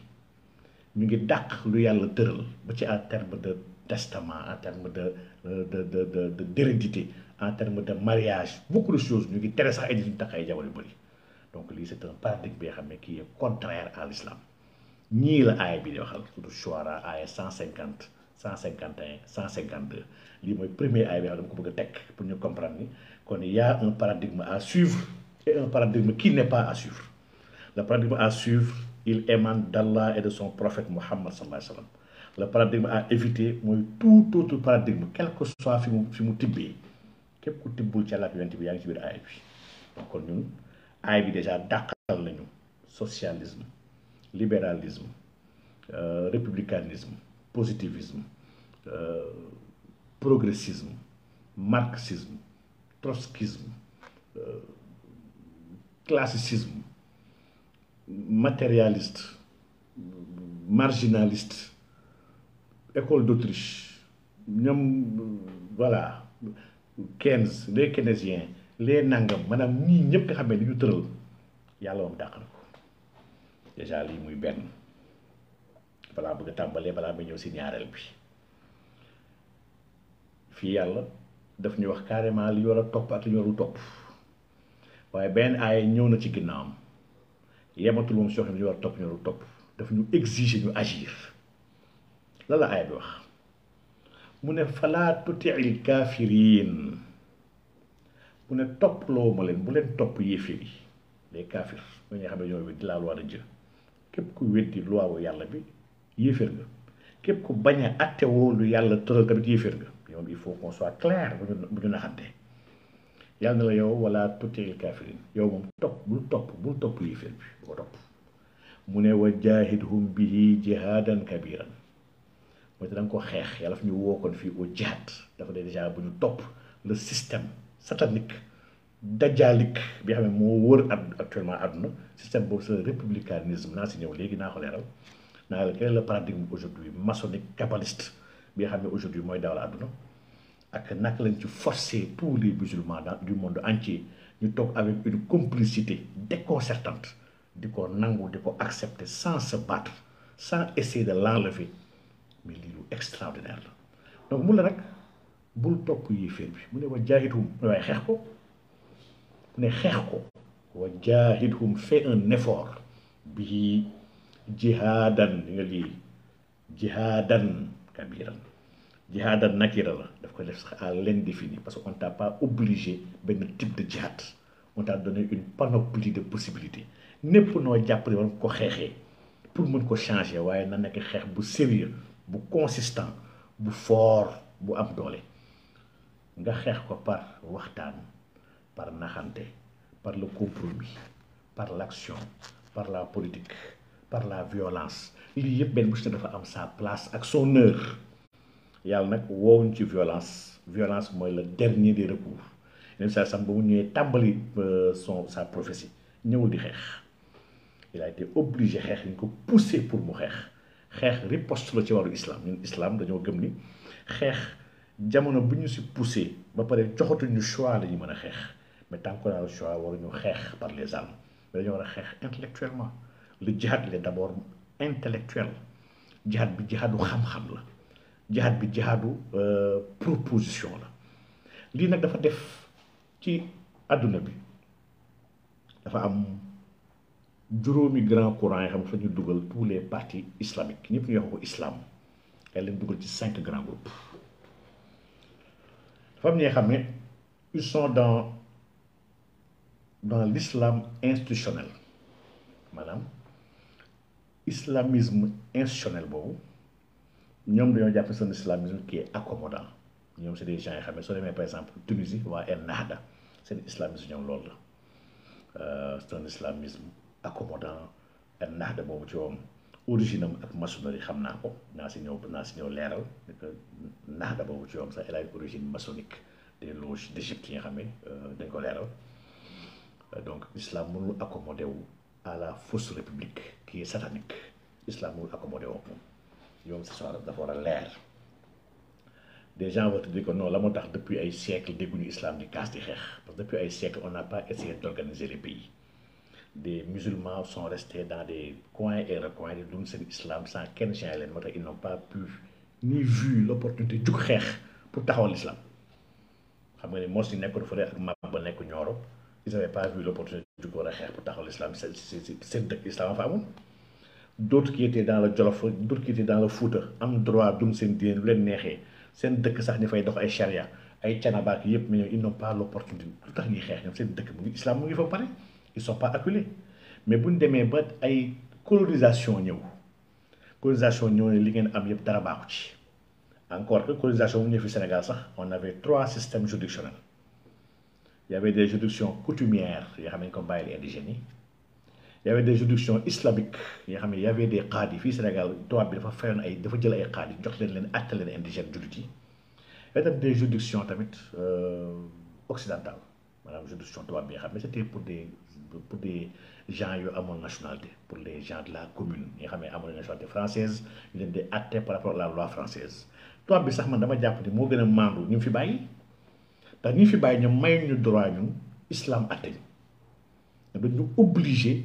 ñu ngi dàq lu yàlla tëral ba ci en terme de testament en terme euh, de de de de d'hérédité en terme de mariage beaucoup de choses ñu ngi tere sax ay nit ñu takk ay jabar yu bëri donc lii c'est un paradigme bi nga xam ne qui est contraire à l'islam ñii la aaya bi di waxal surtout Shuara aaya cent cinquante cent cinquante un cent cinquante deux lii mooy premier aaya bi xam dama ko bëgg a tekk pour ñu comprendre ni kon y a un à suivre et un paradigme Le paradigme à suivre, il émane d'Allah et de son prophète Mohammed sallallahu alayhi wa Le paradigme à éviter, mooy tout autre paradigme quel que soit le film, fi mu que képp ku tibbul ci Yàlla ak yonent bi yaa ngi ci bi donc kon ñun déjà d'accord déjà nous. nous, socialisme libéralisme euh, républicanisme positivisme euh, progressisme marxisme trotskisme euh, classicisme matérialiste marginaliste école d'Autriche ñam voilà Keynes les keynésiens les nangam maanaam ñii ñëpp nga xam ne dañu tëral yàlla moom dàq na ko déjà muy benn balaa bëgg a tàmbalee balaa muy ñëw si ñaareel bi fii yàlla daf ñu wax carrément li war a topp ak li warul topp waaye benn aaya ñëw na ci ginnaawam. yematul woon soo xam ne ñu war topp ñu topp daf ñu exiger ñu agir la la aaya bi wax mu ne falaa tutiil kaafiriin mu ne topp loo ma leen bu leen topp yéeféer yi les kaafir ñoo nga xam ne ñoo weddi laa loi de Dieu képp ku weddi loi wu yàlla bi yéeféer nga képp ku bañ a atte woo lu yàlla tëral tamit yéeféer nga yow il faut qu'on soit clair bu ñu bu ñu naxante yàlla na la yow wala tutil kafirin yow moom topp bul topp bul topp yéeféer bi bu ko topp mu ne wa jaahidhum bihi jihaadan kabiran mooy te da nga ko xeex yàlla fi ñu wookoon fii au jihaad dafa dee dèjà bu ñu topp le système satanique dajalique bi xam ne moo wër ad actuellement àdduna système boobu c'est le républicanisme naa si ñëw léegi naa ko leeral naa la quel est le paradigme aujourd'hui maçonnique kabbaliste bi nga xam ne aujourd'hui mooy daawal àdduna ak naka lañ ci forcer pour les musulmans du monde entier ñu toog avec une complicité déconcertante de ko nangu di accepter sans se battre sans essayer de l'enlever mais c'est lu extraordinaire donc mu la nag bul topp yéeféer bi mu ne wa jaahidhum waaye xeex ko nous ne xeex ko wa jaahidhum fait un effort bii jihaadan li nga lii kabiran jihad nakira la daf ko def sax à l'indéfini parce qu'on t'a pas obligé d'un type de jihad on t'a donné une panoplie de possibilités népp no jàppale won ko xeexee pour mën ko changer waye na que tu bu sérieux bu consistant bu fort bu am doole nga xeex ko par waxtan par naxante par le compromis par l'action par la politique par la violence il yëpp benn bu dafa am sa place et son heure yàlla nag woowuñ ci violence violence mooy le dernier des recours yeneen saa ba mu ñëwee tàmbali euh, son sa prophétie ñëwul di xeex il a été obligé xeex ñu ko poussé pour mu xeex xeex riposte la ci wàllu islam ñun islam dañoo gëm ni xeex jamono bu ñu si poussé ba pare joxatuñu choix la ñu mais tant que a le choix par les armes mais dañoo intellectuellement le jihad le est d'abord intellectuel jihad bi jihadu xam-xam jihad bi euh, proposition la Li nak dafa def ci c'est bi dafa am djuroomi grand courant xam nga fa tous les partis islamiques ñëpp ñu ko islam dañ leen dugal ci cinq grands groupes dafa am ñi ils sont dans dans l'islam institutionnel madame islamisme institutionnel boobu. Nous dañu jàpp seen islamisme qui est accommodant Nous c'est des gens qui xam par exemple Tunisie ou El Nahda seen islamisme ñoom lool euh c'est un islamisme accommodant El Nahda bobu ci moom origine ak maçonnerie xamna naa ko naa ñew ñëw de si Nahda bobu ci a une origine maçonnique des loges d'Égypte yi euh, euh, donc l'islam nous accommoder à la fausse république qui est satanique l'islam nous accommoder au ils sa se dafa l'air. des gens vont te dire que non la montagne depuis un siècle dégguñu islam l'islam kaas di xeex parce que depuis un siècle on n'a pas essayé d'organiser les pays des musulmans sont restés dans des coins et recoins de l'union islam sans qu'un chien ils n'ont pas pu ni vu l'opportunité du khekh pour à l'islam xam nga ne ak ils n'avaient pas vu l'opportunité du war pour pour l'islam C'est l'islam, l'islam islam d'autres qui étaient dans le djolof d'autres qui étaient dans le Fouta am droit dum sen diine len nexé sen deuk sax ni fay dox ay charia ay canabaak yëpp mais ñoom ils n'ont pas l'opportunité lu tax ñuy xex ñoom sen deuk mu ngi islam mu ngi fa paré ils sont pas acculés mais buñ démé demee ba ay colonisation ñew colonisation ñëw li ngeen am yëpp dara baaxu ci encore que colonisation mu ñëw fi Sénégal sax on avait trois systèmes juridictionnels il y avait des juridictions coutumières yoo xam ne ko bàyyi les indigènes yi il y avait des juridictions islamiques il y avait des qaadi fii Sénégal toi bi dafa fayoon ay dafa jël ay qaadi jox leen leen àtte leen indigène jullit Il y avait des juridictions tamit euh, occidentales madame, juridiction tubaab bien nga xam c'était pour des pour des gens yu amoon nationalité pour les gens de la commune yi nga xam ne nationalité française ñu leen di par rapport à la loi française Toi, bi sax man dama jàpp ni moo gën a maandu ñu fi bàyyi ndax ñu fi bàyyi ñoom may ñu droit ñun islam àtte ñu dañu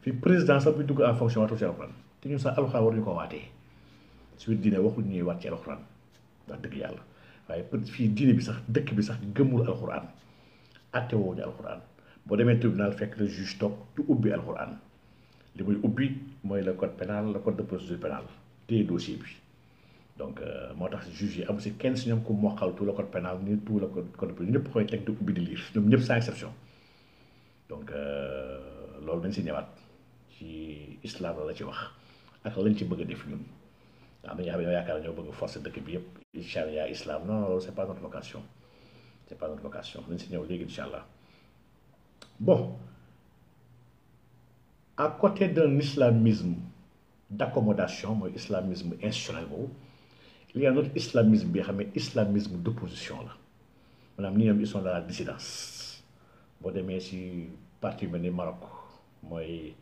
fi président sax bi dugg en fonction waatu ci alxuraan te ñun sax alxuraan war ñu ko waatee suñu diine waxu ñuy wat ci alxuraan da dëgg yàlla waaye fi diine bi sax dëkk bi sax gëmul alxuraan atte wo ñu alxuraan bo démé tribunal fekk le juge tok du ubbi alxuraan li muy ubbi moy le code pénal le code de procédure pénale té dossier bi donc euh, motax juge yi am ci kenn ñom ko ku moqal tout le code pénal ni tout le code pénal ñëpp koy tek du ubbi di lire ñom ñëpp sans exception donc euh, loolu dañ ci ñëwaat ci islam la ci wax ak lañ ci bëgg def ñun am na ñoo yaakaar ñoo bëgg forcer dëkk bi yëpp charia islam non c'est pas notre vocation c'est pas notre vocation nañ si ñëw léegi incha bon à côté d'un islamisme d'accommodation moy islamisme institutionnel boobu il y a notre islamisme bi xamé islamisme d'opposition la manam ni ñoom ils sont dans la dissidence bo démé ci parti mené ni Maroc mooy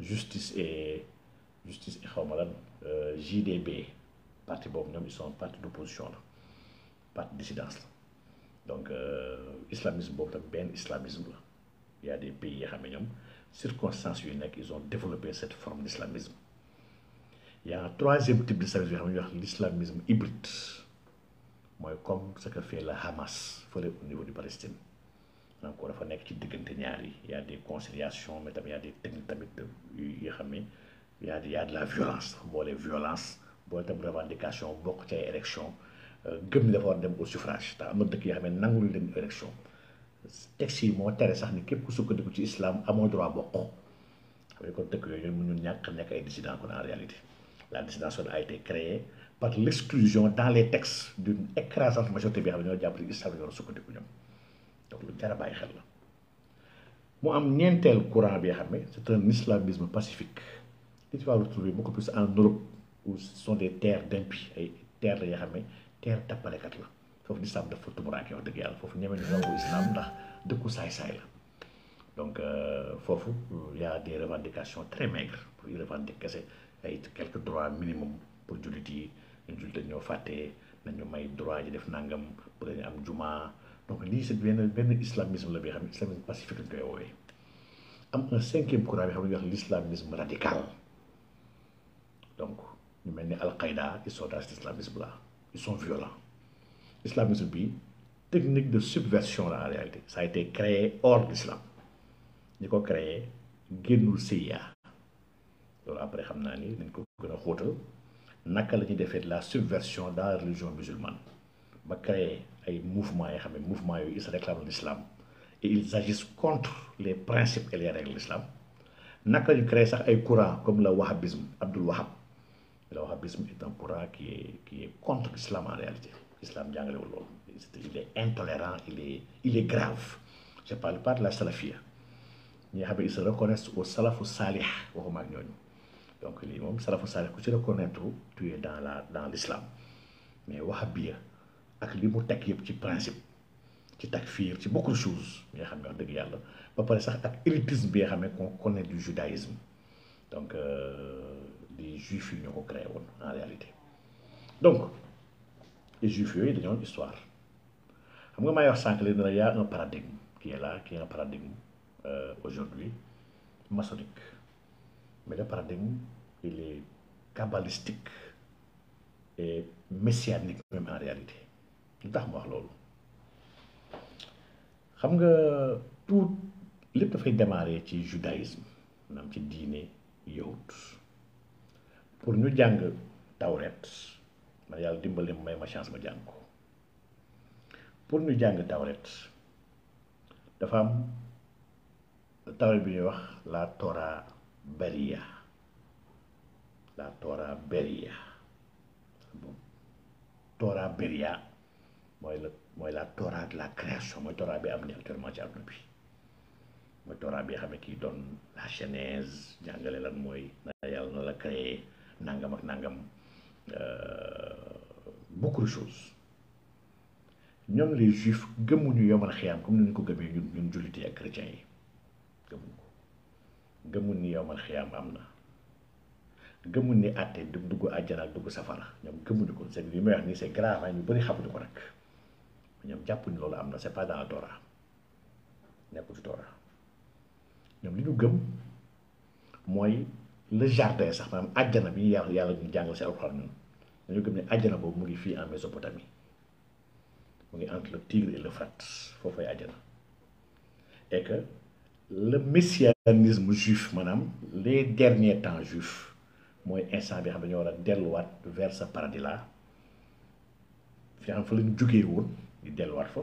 justice et justice et euh, JDB parti ils sont parti d'opposition dissidence donc euh, islamisme boobu ben islamisme il y a des pays à circonstances ils ont développé cette forme d'islamisme il y a un troisième type de service l'islamisme hybride comme ce que fait la Hamas au niveau du Palestine donc dafa nekk ci diggante ñaar yi y a des conciliations mais il y a des techniques tamit yi xam ne y a y a de la violence boole violence boole tam revendication bokk ci ay élection euh, gëm ni dafa dem au suffrage te am na dëkk yoo xam ne nangul dem élection texte yi moo tere sax ni képp ku sukkandiku ci islam amoo droit bokk xam kon dëkk yooyu ñun ñu ñàkk nekk dissident dissidents kon en réalité la dissidence kon a été créée par l'exclusion dans les textes d'une écrasante majorité bi xam ne ñoo jàpp ni islam la war a sukkandiku donc mu am ñeenteel courant bi nga c'est un islamisme pacifique li tu vas retrouver beaucoup plus en Europe où ce sont des terres d'impies des terres la yoo xam ne terre tappalekat la foofu l'islam dafa tumuraake wax dëgg yàlla foofu ñeme ni rawu islam ndax dëkku saay-saay la donc euh, foofu y a des revendications très maigres pour y revendiquer kese ay quelques droits minimum pour jullit yi ñun jullit ñoo fàtte nañu may droit yi def nangam bëgg nañu am jumaa donc c'est benn islamisme islamisme pacifique Il y a un cinquième courant qui xam l'islamisme radical donc ñu Al-Qaïda ils sont dans cet islamisme là ils sont violents c'est une technique de subversion la en réalité ça a été créé hors de l'islam ñi ko créé génnul après ils ont ni a fait la subversion dans la religion musulmane ont créé ay mouvement yoo mouvement ils se réclament l'islam et ils agissent contre les principes et les règles de l'islam naka ñu créé sax comme le wahhabisme Abdul Wahab le wahhabisme est un courant qui est qui est contre l'islam en réalité l'islam il est intolérant il est il est grave je parle pas de la salafia ñi se reconnaissent au salafu salih waxuma ak ñooñu donc si tu salafu salih ku ci reconnaître tu es dans la dans l'islam mais wahhabia ak li a ci principe ci takfir ci beaucoup de choses il nga xam de wax deug yalla ba paré sax ak élitisme bi nga qu'on connaît du judaïsme donc les euh, juifs qui ñoo créé en réalité donc les juifs eux, ils histoire xam nga may wax sank leen ne y a un paradigme qui est là qui est un paradigme euh, aujourd'hui maçonnique mais le paradigme il est kabbalistique et messianique même en réalité lu tax mu wax loolu xam nga tout lépp dafay démarrer ci judaïsme maanaam ci diine yahut pour ñu jàng tawret man yàlla dimbali mu may ma chance ma jàng ko pour ñu jàng tawret dafa am tawret bi ñuy wax laa Torah Beria la Torah Beria Torah Beria mooy la mooy la Torah de la création mooy Torah bi am ni actuellement ci àdduna bi mooy Torah bi xam ne kii la genèse jàngale lan mooy na yalla na la créé nangam ak nangam euh, beaucoup de choses ñoom les juifs gëmuñu yomal xiyaam comme ni ñu ko gëmee ñun ñun jullit ak chrétiens yi gëmuñ ko ni yomal xiyaam am na ni àtte dugg dugg safara ko c'est li may wax c'est grave ñu ko ñom jàppuñ loolu am na c' pas dans la Dora nekku ci Dora ñom li ñu gëm moy le jardin sax manam aljana bi yalla yalla ñu jàngal ci alcorane ñun dañu gëm ni aljana boobu mu ngi fi en Mésopotamie mu ngi entre le Tigre et le l'Euphrate foofay aljana et que le messianisme juif manam les derniers temps juif moy instant bi xam ne ñoo war a delluwaat vers ce paradis là fi am fa lañu jugé won di delluwaat fa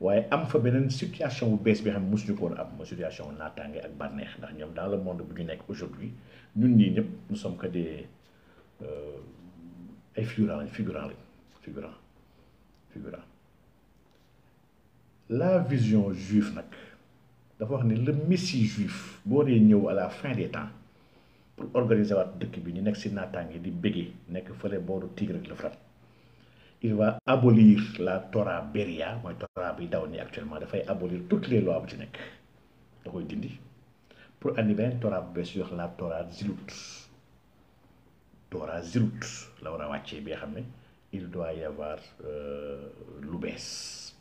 waye am fa benen situation bu bes bi xam musu mosuñu ko woon am mooy situation naataange ak bànneex ndax ñom dans le monde bu ñu nekk aujourd'hui ñun ñii ñep nous sommes que des euh, ay figurants lañ figurants lañ la vision juive nak dafa wax ni le messie juif bo re ñëw à la fin des temps pour organiser waat dëkk bi ñu nekk si naataange di béggee nekk fële booru Tigre ak l'Euphrate il va abolir la Torah Beria la Torah bi actuellement, il va abolir toutes les lois bu Nek. nekk da koy dindi pour andi la Torah bien sûr la Torah Zilut Torah Zilut la war a il doit y avoir euh, lu bees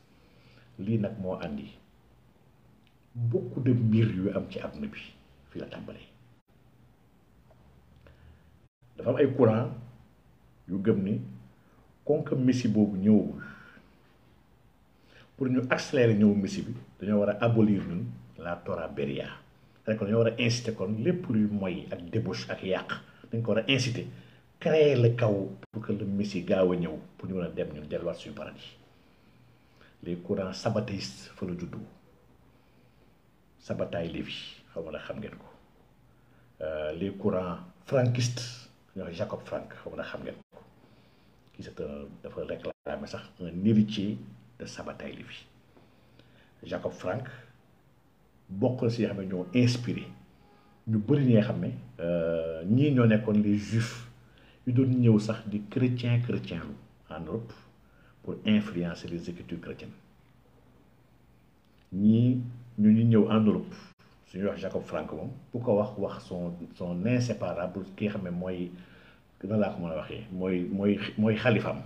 lii nag moo andi beaucoup de mbir yu am ci il bi fii la tàmbalee a am ay courant yu gëm kon que boobu ñëwul pour ñu accélérer ñëw Messi bi dañoo war a abolir ñun la Torabéria rek dañoo war a inciter kon lépp luy moy ak débauche ak yàq dañ ko war a inciter créer la kaw pour que le Messi gaaw a ñëw pour ñu mën a dem ñun delluwaat suñu paradis les courant sabatistes fa la juddu Sabataay Lévi xaw ma la xam ngeen ko euh, les courant franquistes ñoo Jacob Frank xaw ma la xam ngeen ko. qui c'est un un héritier de Jacob Frank beaucoup de gens inspiré nous avons dit les juifs ñëw chrétiens en Europe pour influencer les écritures chrétiennes en Europe seigneur Jacob Frank pourquoi son inséparable qui gën a laa ko mën a waxee mooy mooy mooy xalifam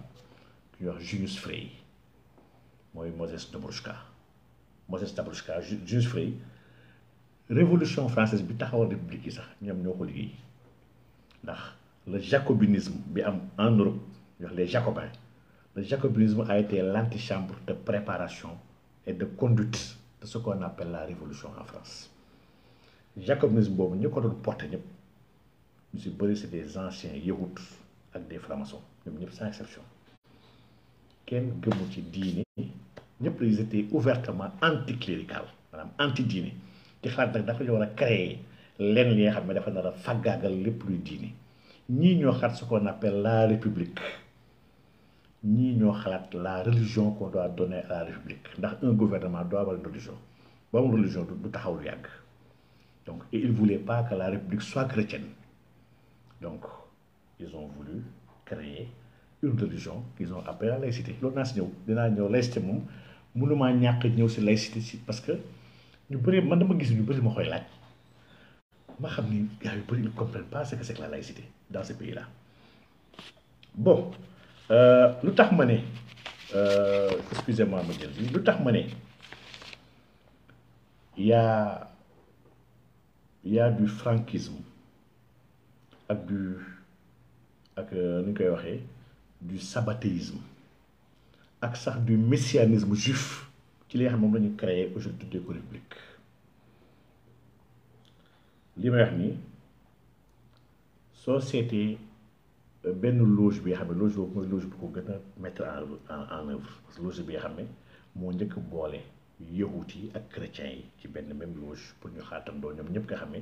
ku ñuy wax Julius Frey mooy Moses Dobruschka Moses Dobruschka Julius Frey révolution française bi taxaw république sax ñom ñoo ko ndax le jacobinisme bi am en Europe ñu les jacobins le jacobinisme a été l'antichambre de préparation et de conduite de ce qu'on appelle la révolution en France jacobinisme boobu ñu ko doon porté ñëpp M. Boris, c'est des anciens yéhouts avec des francs-maçons ñoom sans exception kenn ce ci dit ils étaient ouvertement anticlérical anti diine Ils ont créé dafa ñu a créer la li nga xam ne dafa nar la ce qu'on appelle la république Ils ñoo xalaat la religion qu'on doit donner à la république un gouvernement doit avoir une religion Une religion du donc et il voulait pas que la république soit chrétienne donc, ils ont voulu créer une religion qu'ils ont appelée la laïcité loolu naa si ñëw dinaa ñëw laïcité moom mënumaa ñàkk ñëw laïcité parce que ñu bëri man dama gis ñu bëri ma koy laaj ma xam ni gars yu bëri ne comprennent pas ce que c'est que la laïcité dans ce pays là bon euh, lu tax euh, excusez-moi ma jël lu tax ma y a y a du franquisme ak du ak euh, nu koy waxee du sabbatéisme ak sax du messianisme juif ci li nga xam moom la ñu créé aujourd'hui tuddee république li may wax nii soo seetee euh, benn loge bi nga xam ne loge boobu mooy loge bi ko gën a mettre en en œuvre parce loge bi nga xam ne moo njëkk boole yahut yi ak chrétien yi ci benn même loge pour ñu xaatandoo ñoom ñëpp nga xam ne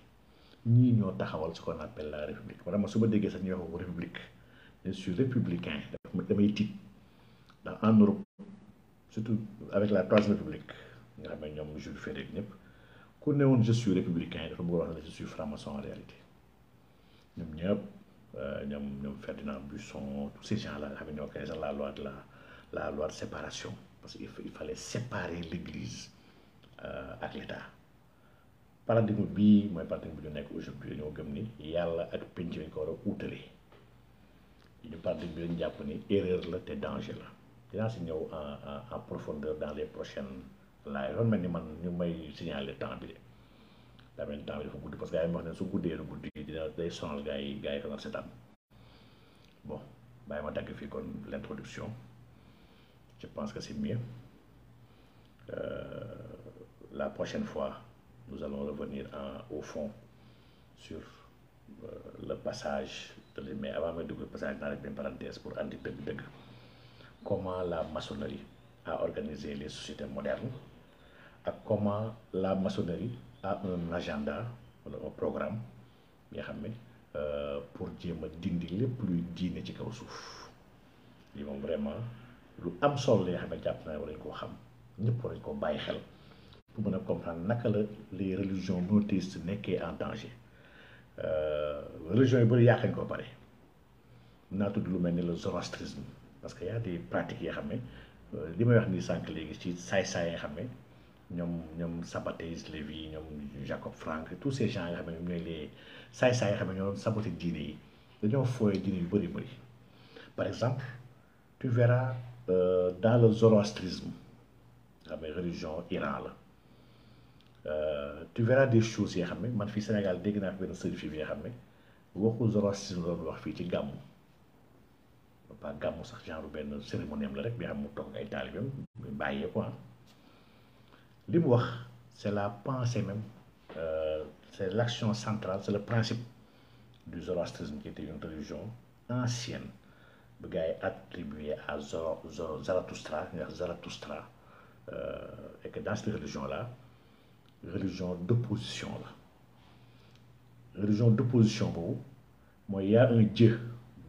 ñii ñoo taxawal ce qu'on appelle la république vraiment su ma déggee sax ñuy wax république je suis républicain damay ndax en Europe surtout avec la troisième république nga xam ne ñoom Jules ñëpp ku ne woon je suis républicain dafa bëgg je suis franc-maçon en réalité ñoom ñëpp euh, ñoom ñoom Ferdinand Buisson tous ces gens là nga xam ne ñoo la loi de la la loi de séparation parce qu'il fallait séparer l'église euh, avec l'État paradigme bi moy paradigme bi nek aujourd'hui ñoo gëm ni yalla ak penc lañ ko war a ñu paradigme bi lañ japp ni erreur la té danger la dina ci ñew en en profondeur dans les prochaines live loolu melni man ñu may signaler temps bi de daa mel temps bi dafa guddi parce que ay wax na su guddé lu guddi dina day sonal gaay gaay gars yi xanaa bon bayima dag fi kon l'introduction je pense que c'est mieux euh, la prochaine fois Nous allons revenir au fond sur euh, le passage, mais avant de le passage dans les parenthèses pour Andy comment la maçonnerie a organisé les sociétés modernes, et comment la maçonnerie a un agenda, un programme, bien euh, pour dire que dindi plus luy digne ci kaw suuf Ils vont vraiment lu am solo qui yoo xam ne jàpp naa pour mën comprendre naka les religions monothéistes nekkee en danger euh, religion yu bëri yàq nañ ko pare naa tout lu mel ni le zoroastrisme parce que y a des pratiques yoo xam ne euh, li may wax nii sànq léegi ci saay-saay yoo xam ne ñoom ñoom Sabbatéiste Lévi Jacob Frank tous ces gens yoo xam ne ñoom les saay-saay yoo xam ne ñoo saboté diine yi dañoo fooye Dine yu bëri bëri par exemple tu verras euh, dans le zoroastrisme la religion Iran euh, tu verras des choses yi xamné man fi Sénégal dégg fi zoroastrisme wax ci pas sax genre cérémonie rek bi ay ah. c'est la pensée même euh, c'est l'action centrale c'est le principe du zoroastrisme qui était une religion ancienne bu gars attribué à Zoro euh, et que dans cette religion là religion d'opposition religion d'opposition moi il y a un dieu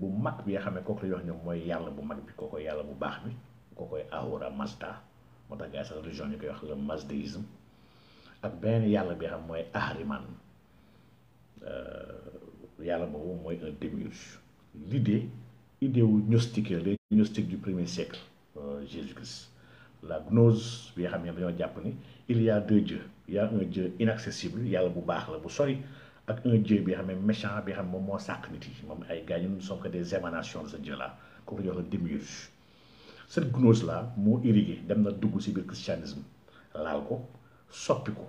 bu mag bi nga bu bi bu baax bi Ahura Mazda mo tax religion ñu koy wax le mazdéisme ak ben yalla bi xam moy Ahriman euh, yalla moy un l'idée idée gnostique les gnostiques du premier siècle euh, Jésus-Christ la gnose bi xam il y a deux dieux il y a un dieu inaccessible yàlla bu baax la bu sori ak un dieu bi xam méchant bi xam moom moo sàkk nit yi moom ay gars yi sommes que des émanations de ce dieu là kooku jox la démiurge cette gnose là moo irrigué dem na dugg si biir christianisme laal ko soppi ko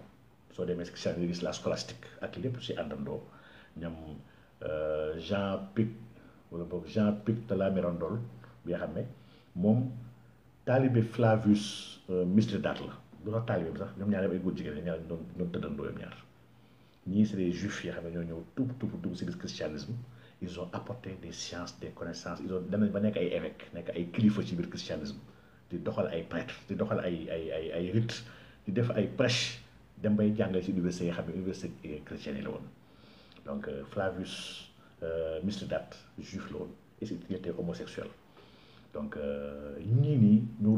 soo demee si christianisme gis la scolastique ak lépp si àndandoo ñoom euh, Jean Pic wala boog Jean Pic de la Mirandole bi nga xam ne Flavius euh, Mithridate la nous avons des juifs christianisme ils ont apporté des sciences des connaissances ils ont dem évêques des christianisme Ils ont prêtres ils ont rites prêches donc euh, Flavius euh, Mithridate juif et il homosexuel donc euh, nous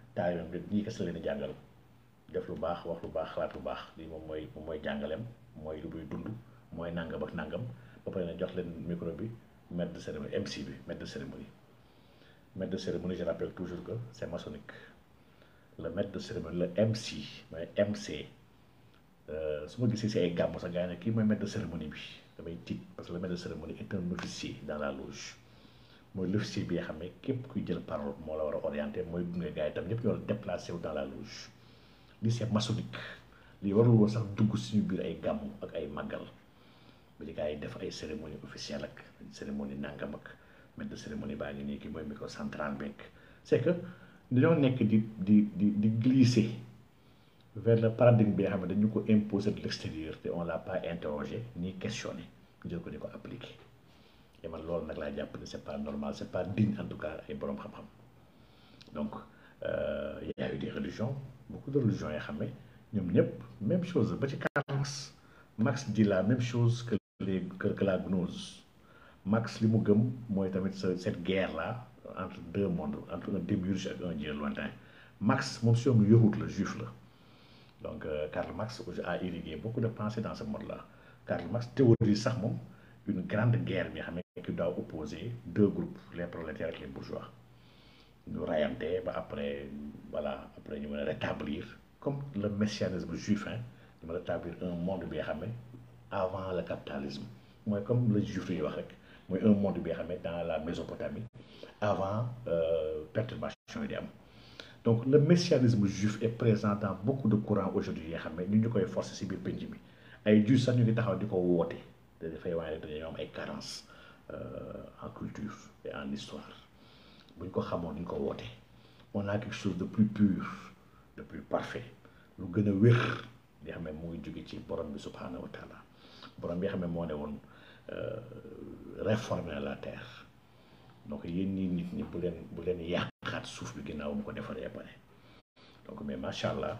taal bi ñi kess la leen jàngal def lu baax wax lu baax xalaat lu baax li moom mooy moom mooy jàngaleem mooy lu muy dund mooy nangam ak nangam ba pare na jox leen micro bi maître de cérémonie MC bi maître de cérémonie maître de cérémonie je rappelle toujours que c'est maçonnique le maître de cérémonie le MC mooy MC euh, su ma gisee si ay gàmm sax gars yi ne kii mooy maître de cérémonie bi damay tiit parce que le maître de cérémonie est un officier dans la loge mooy l'officier bi nga xam ne képp kuy jël parole moo la war a orienté mooy gunge gars yi tam ñëpp ñoo déplacé wu dans la loge lii c'est maçonnique lii warul woon sax dugg si biir ay gàmmu ak ay màggal ba ci gars yi def ay cérémonie officielle ak cérémonie nangam ak maître de baa ngi nii kii mooy micro central beeg c'est que dañoo nekk di di di di glisser vers le paradigme bi nga xam ne dañu ko imposer de l'extérieur te on l'a pas interrogé ni questionné ko di ko appliquer. et malheureusement, ce n'est ne pas normal ce n'est pas digne en tout cas ay borom xam-xam donc il euh, y a eu des religions beaucoup de religions yoo xamé ñom ñep même chose ba ci Marx Marx dit la même chose que les que la gnose Marx li mu gëm moy tamit cette guerre là entre deux mondes entre deux démiurge et un dieu lointain Marx mon si moom yahut le juif donc euh, Karl Marx a irrigué beaucoup de pensées dans ce monde là Karl Marx théorie sax une grande guerre qui doit opposer deux groupes les prolétaires et les bourgeois Nous rayante ba après voilà après nous rétablir comme le messianisme juif hein rétablir un monde bi avant le capitalisme Moi, comme le juif de wax un monde bi dans la Mésopotamie avant euh, perturbation donc le messianisme juif est présent dans beaucoup de courants aujourd'hui nous nous ne ñu ñu koy forcer si biir penc bi ay te dafay waaye rek dañoo am ay carence euh, en culture et en histoire buñ ko xamoon ñu ko woote on a quelque chose de plus pur de plus parfait lu gën a wér li xam ne mu jóge ci borom bi subhanahu wa taala borom bi xam ne moo ne woon euh, réformer la terre donc yéen ñii nit ñi bu leen bu leen yàqaat suuf bi ginnaaw mu ko defaree pare donc mais macha allah.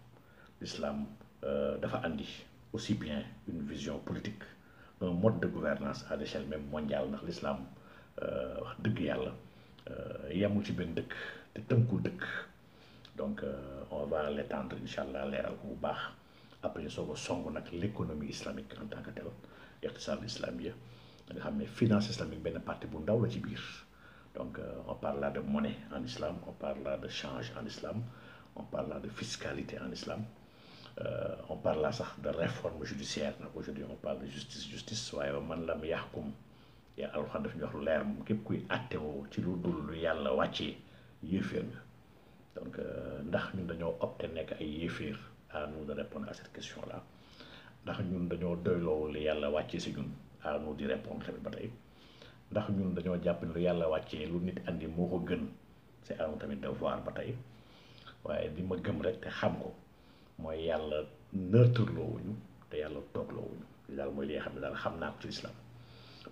l'islam euh, aussi bien une vision politique un mode de gouvernance à l'échelle même mondiale l'islam il euh, dëgg a beaucoup de donc euh, on va l'étendre Inch'Allah, allah ou ko bu baax après soo ko song l'économie islamique en tant que tel iqtisad islamia nga xam La finance islamique une partie de la ci donc euh, on parle là de monnaie en islam on parle là de change en islam on parle là de fiscalité en islam Euh, on parle là sax de réforme judiciaire nag aujourd'hui on parle de justice justice waaye man lam yaxkum ya alxuraan daf ñu wax lu leer moom képp kuy àttewoo ci lu dul lu yàlla wàccee yéeféer nga donc euh, ndax ñun dañoo opté nekk ay yéeféer à nous de répondre à cette question là ndax ñun dañoo doyloo lu yàlla wàccee si ñun à di répondre tamit ba tey ndax ñun dañoo jàpp ne lu yàlla wàccee lu nit andi moo ko gën c'est à nous tamit de ba tey waaye di ma gëm xam ko mooy yàlla nëtërloowuñu te yàlla toogloowuñu li daal mooy li nga xam ne daal xam naa ko ci islam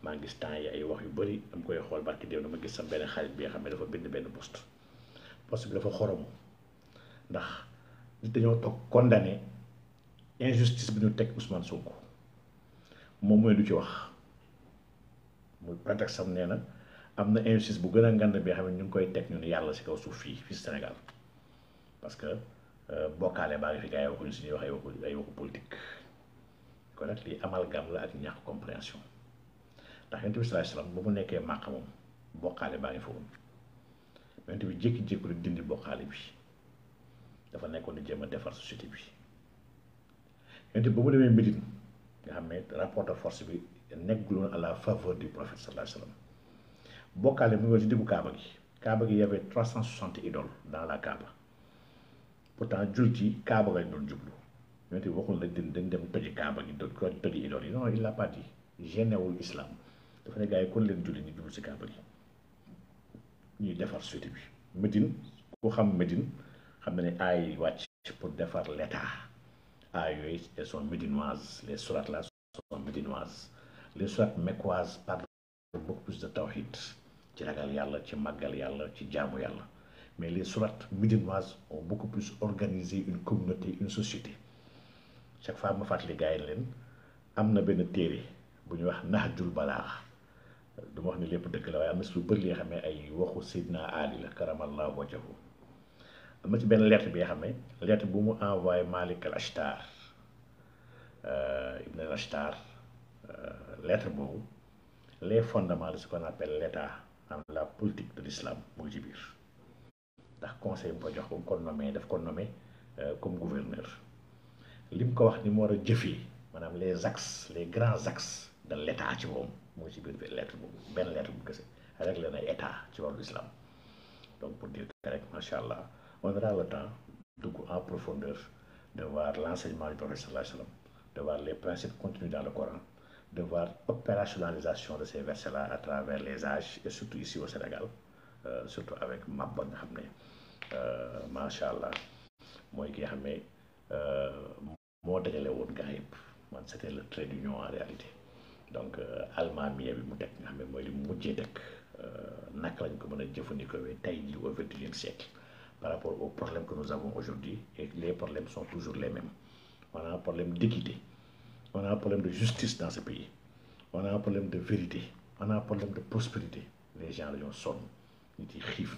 maa ngi gis temps yi ay wax yu bëri dama koy xool barki déew dama gis sam benn xarit bi nga xam ne dafa bind benn post post dafa xorom dañoo toog condamné injustice bi ñu teg Ousmane Sonko moom mooy du ci wax muy prétexte sam nee na am na injustice bu gën a ngand bi xam ne ñu ngi koy teg ñun yàlla si kaw suuf fii fii Sénégal bokale ba ngi fi gars yi waxuñu waxe wax ay waxu ay waxu politique kon nag lii amalgam la ak ñàkk compréhension ndax yonent sallallahu alayhi wasallam bu mu nekké màqamam bokkaale baa ngi fa woon yonent bi jékki-jékki lu dindi bokale bi dafa nekkoon di jéem a defar société bi yonent bu ba mu demee Médine nga xam ne rapport de force bi nekkul à la faveur du prophète sallallahu alayhi wasallam bokale bi mu ngi ci diggu Kaaba gi Kaaba gi y 360 idoles dans la Kaaba. pourtant jul ci kaaba lañ doon jublu yonent bi waxul nag dañ dem toji kaaba gi doon ko toji idool yi non il l'a pas dit génnewul islam dafa ne kon leen julli ñu jublu si kaaba gi ñuy defar suite bi Médine ku xam Médine xam na ne aay wàcc pour defar l'état aay yooyu elles sont médinoises les sourates là sont médinoises les sourates mecquoises parlent beaucoup plus de tawhid ci ragal yàlla ci màggal yàlla ci jaamu yàlla Mais les surates médinoises ont beaucoup plus organisé une communauté, une société. Chaque fois, je fais les gars, am a wax la li Ali la am lettre bi lettre Malik al euh, Ibn al Ashtar euh, lettre les fondements de ce qu'on appelle l' en la politique de l'islam mu ndax conseil ba jox ba mu nommé daf nommé euh, comme gouverneur Ce ko wax ni mu war a les axes les grands axes de l'État, état ci moom mooy ci biir lettre bu benn lettre bu état ci wàllu islam donc pour dire que rek on aura le temps dugg en profondeur de voir l'enseignement du prophète sallallahu alayhi de voir les principes contenus dans le Coran de voir opérationnalisation de ces versets là à travers les âges et surtout ici au Sénégal euh, surtout avec ma bonne nga euh, machallah allah ki euh, c'était le trait d'union en réalité donc l'Allemagne euh, bi mu tek nga moy li au 21 siècle par rapport aux problèmes que nous avons aujourd'hui et les problèmes sont toujours les mêmes on a un problème d'équité on a un problème de justice dans ce pays on a un problème de vérité on a un problème de prospérité les gens les ont nit sont xiif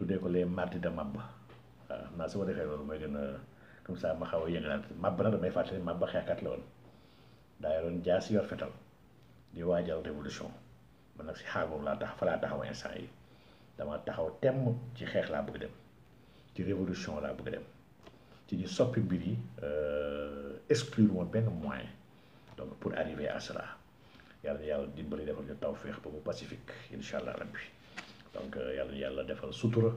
tuddee ko les mardis de Mabba waaw xam naa su ma defee loolu mooy gën a comme ça ma xaw a yëngalaat Mabba nag damay fàttali Mabba xeexkat la woon daa yoroon jaasi yor fetal di waajal révolution man nag si xaar boobu laa tax fa laa taxaw instant yi dama taxaw temm ci xeex laa bëgg dem ci révolution laa bugg dem ci ñu soppi mbir yi euh, exclure moom benn moyen donc pour arriver à cela yàlla yàlla dimbali defal ñu tawféex ba mu pacifique incha allah rabbi donc euh, yàlla yàlla defal sutura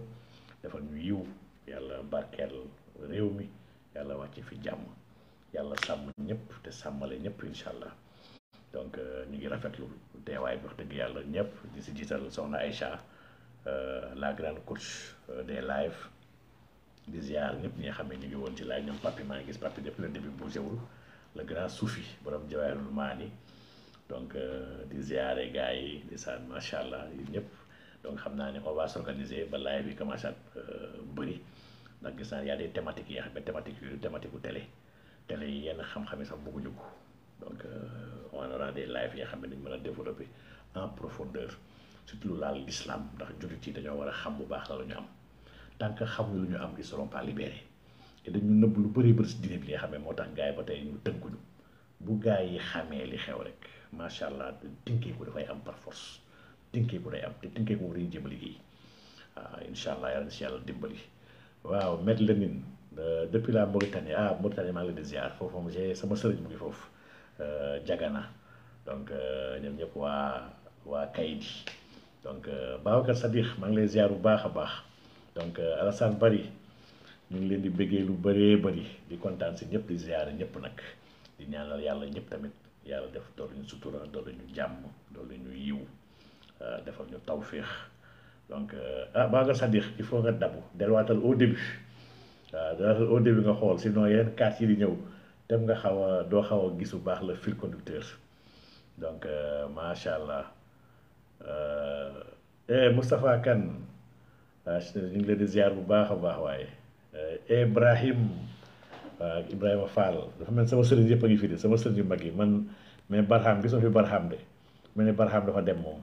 defal ñu yiw yàlla barkeel réew mi yàlla wàcc fi jàmm yàlla sàmm ñëpp te sàmmale ñëpp incha allah donc euh, ñu ngi rafetlu teewaay bi wax dëgg yàlla ñëpp di si jiital soxna Aïcha euh, la grande coach des live di ziar ñëpp ñi nga xam ne ñu ngi woon ci live ñoom papi maa ngi gis papi depuis le début bougé wul le grand soufi borom maa maani donc di ziare gars yi di saan macha allah ñëpp. donc xam naa ne on va s'organiser ba live bi commencé ak euh, bëri ndax gis naa ne y a des thématiques yi nga xam ne thématique yi yenn xam-xam yi sax bëgguñu ko donc euh, on aura des live yi nga xam ne dañ mën a développer en profondeur surtout lu laal l'islam ndax jullit yi dañoo war a xam bu baax la lu ñu am tant que xamuñu lu ñu am ils seront pas libérés te dañu nëbb lu bëri bëri si diine bi nga xam ne moo tax gars yi ba tey ñu tënkuñu bu gars yi xamee li xew rek macha allah tinkeeku dafay am par force. dinké bu day am té dinké ko war a jëmale ah inshallah allah yàlla na dimbali waaw met Lamine euh, depuis la Mauritanie ah Mauritanie ma ngi di ziar fofu mo j'ai sama sœur mu ngi euh Jagana donc euh, ñoom ñep wa wa Kaydi donc euh, Babacar Sadikh ma ngi lay ziar bu baax baax donc Alassane Bari ñu ngi leen di béggé lu béré bari di contane ci ñep di ziar ñep nak di ñaanal yalla ñep tamit yalla def doole ñu sutura doole ñu jamm doole ñu yiw. Euh, defal ñu tawfiix donc euh, ah baa nga sadiq il faut nga dabu delluwaatal au début waaw delluwaatal au début nga xool sinon yeneen carte yi di ñëw dem nga xaw a doo xaw a gis bu baax la fil conducteur donc euh, macha allah eh Moustapha Kane ñu ngi leen di ziar bu baax a baax waaye Ibrahim waaw Ibrahima Fall dafa mel sama sëriñ yëpp a ngi fi de sama sëriñ yu mag yi man mais Barham gisuma fi Barham de mel ni Barham dafa dem moom.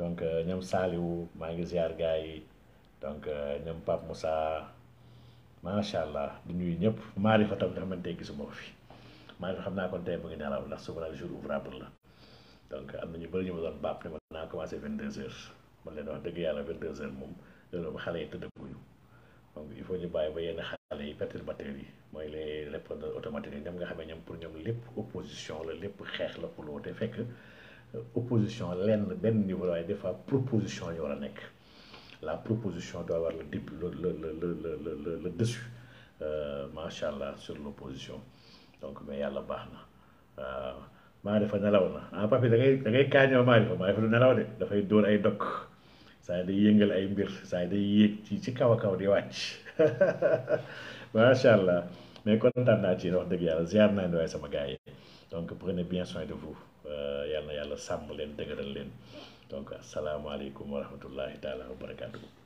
donc euh, ñoom Saliou maa ngi ziar gars yi donc euh, ñoom Pape Moussa macha allah di nuyu ñëpp maarifa tam nga xamante ne gisuma ko fi maarifa xam naa kon tey mu ngi nelaw ndax suba nag jour ouvrable la donc am na ñu bëri ñu ma doon bàpp ne ma naa commencé vingt deux heures man leen wax dëgg yàlla vingt deux heures moom loolu xale yi tëddaguñu donc il faut ñu bàyyi ba yenn xale yi perturbateurs yi mooy les répondeurs automatiques yi ñoom nga xamee ñoom pour ñoom lépp opposition la lépp xeex la xuloo te fekk. opposition lenn ben niveau et des fois proposition yi war a la proposition doit avoir le début le le le le le le dessus euh, allah sur l'opposition donc mais yàlla la na ma euh, maa defa nelaw na ah papi da ngay da ma kaañoo maa defa maa defa du nelaw de dafay dóor ay dok saa day yengal ay mbir saa day yek ci ci kawa kaw di wàcc machallah mais kontaan naa ci wax dëgg yalla ziar naa ni sama gars donc prenez bien soin de vous. Eh, yalla ya yalla ya yàlla sàmm leen dëgëral leen donc wa rahmatullahi taala wa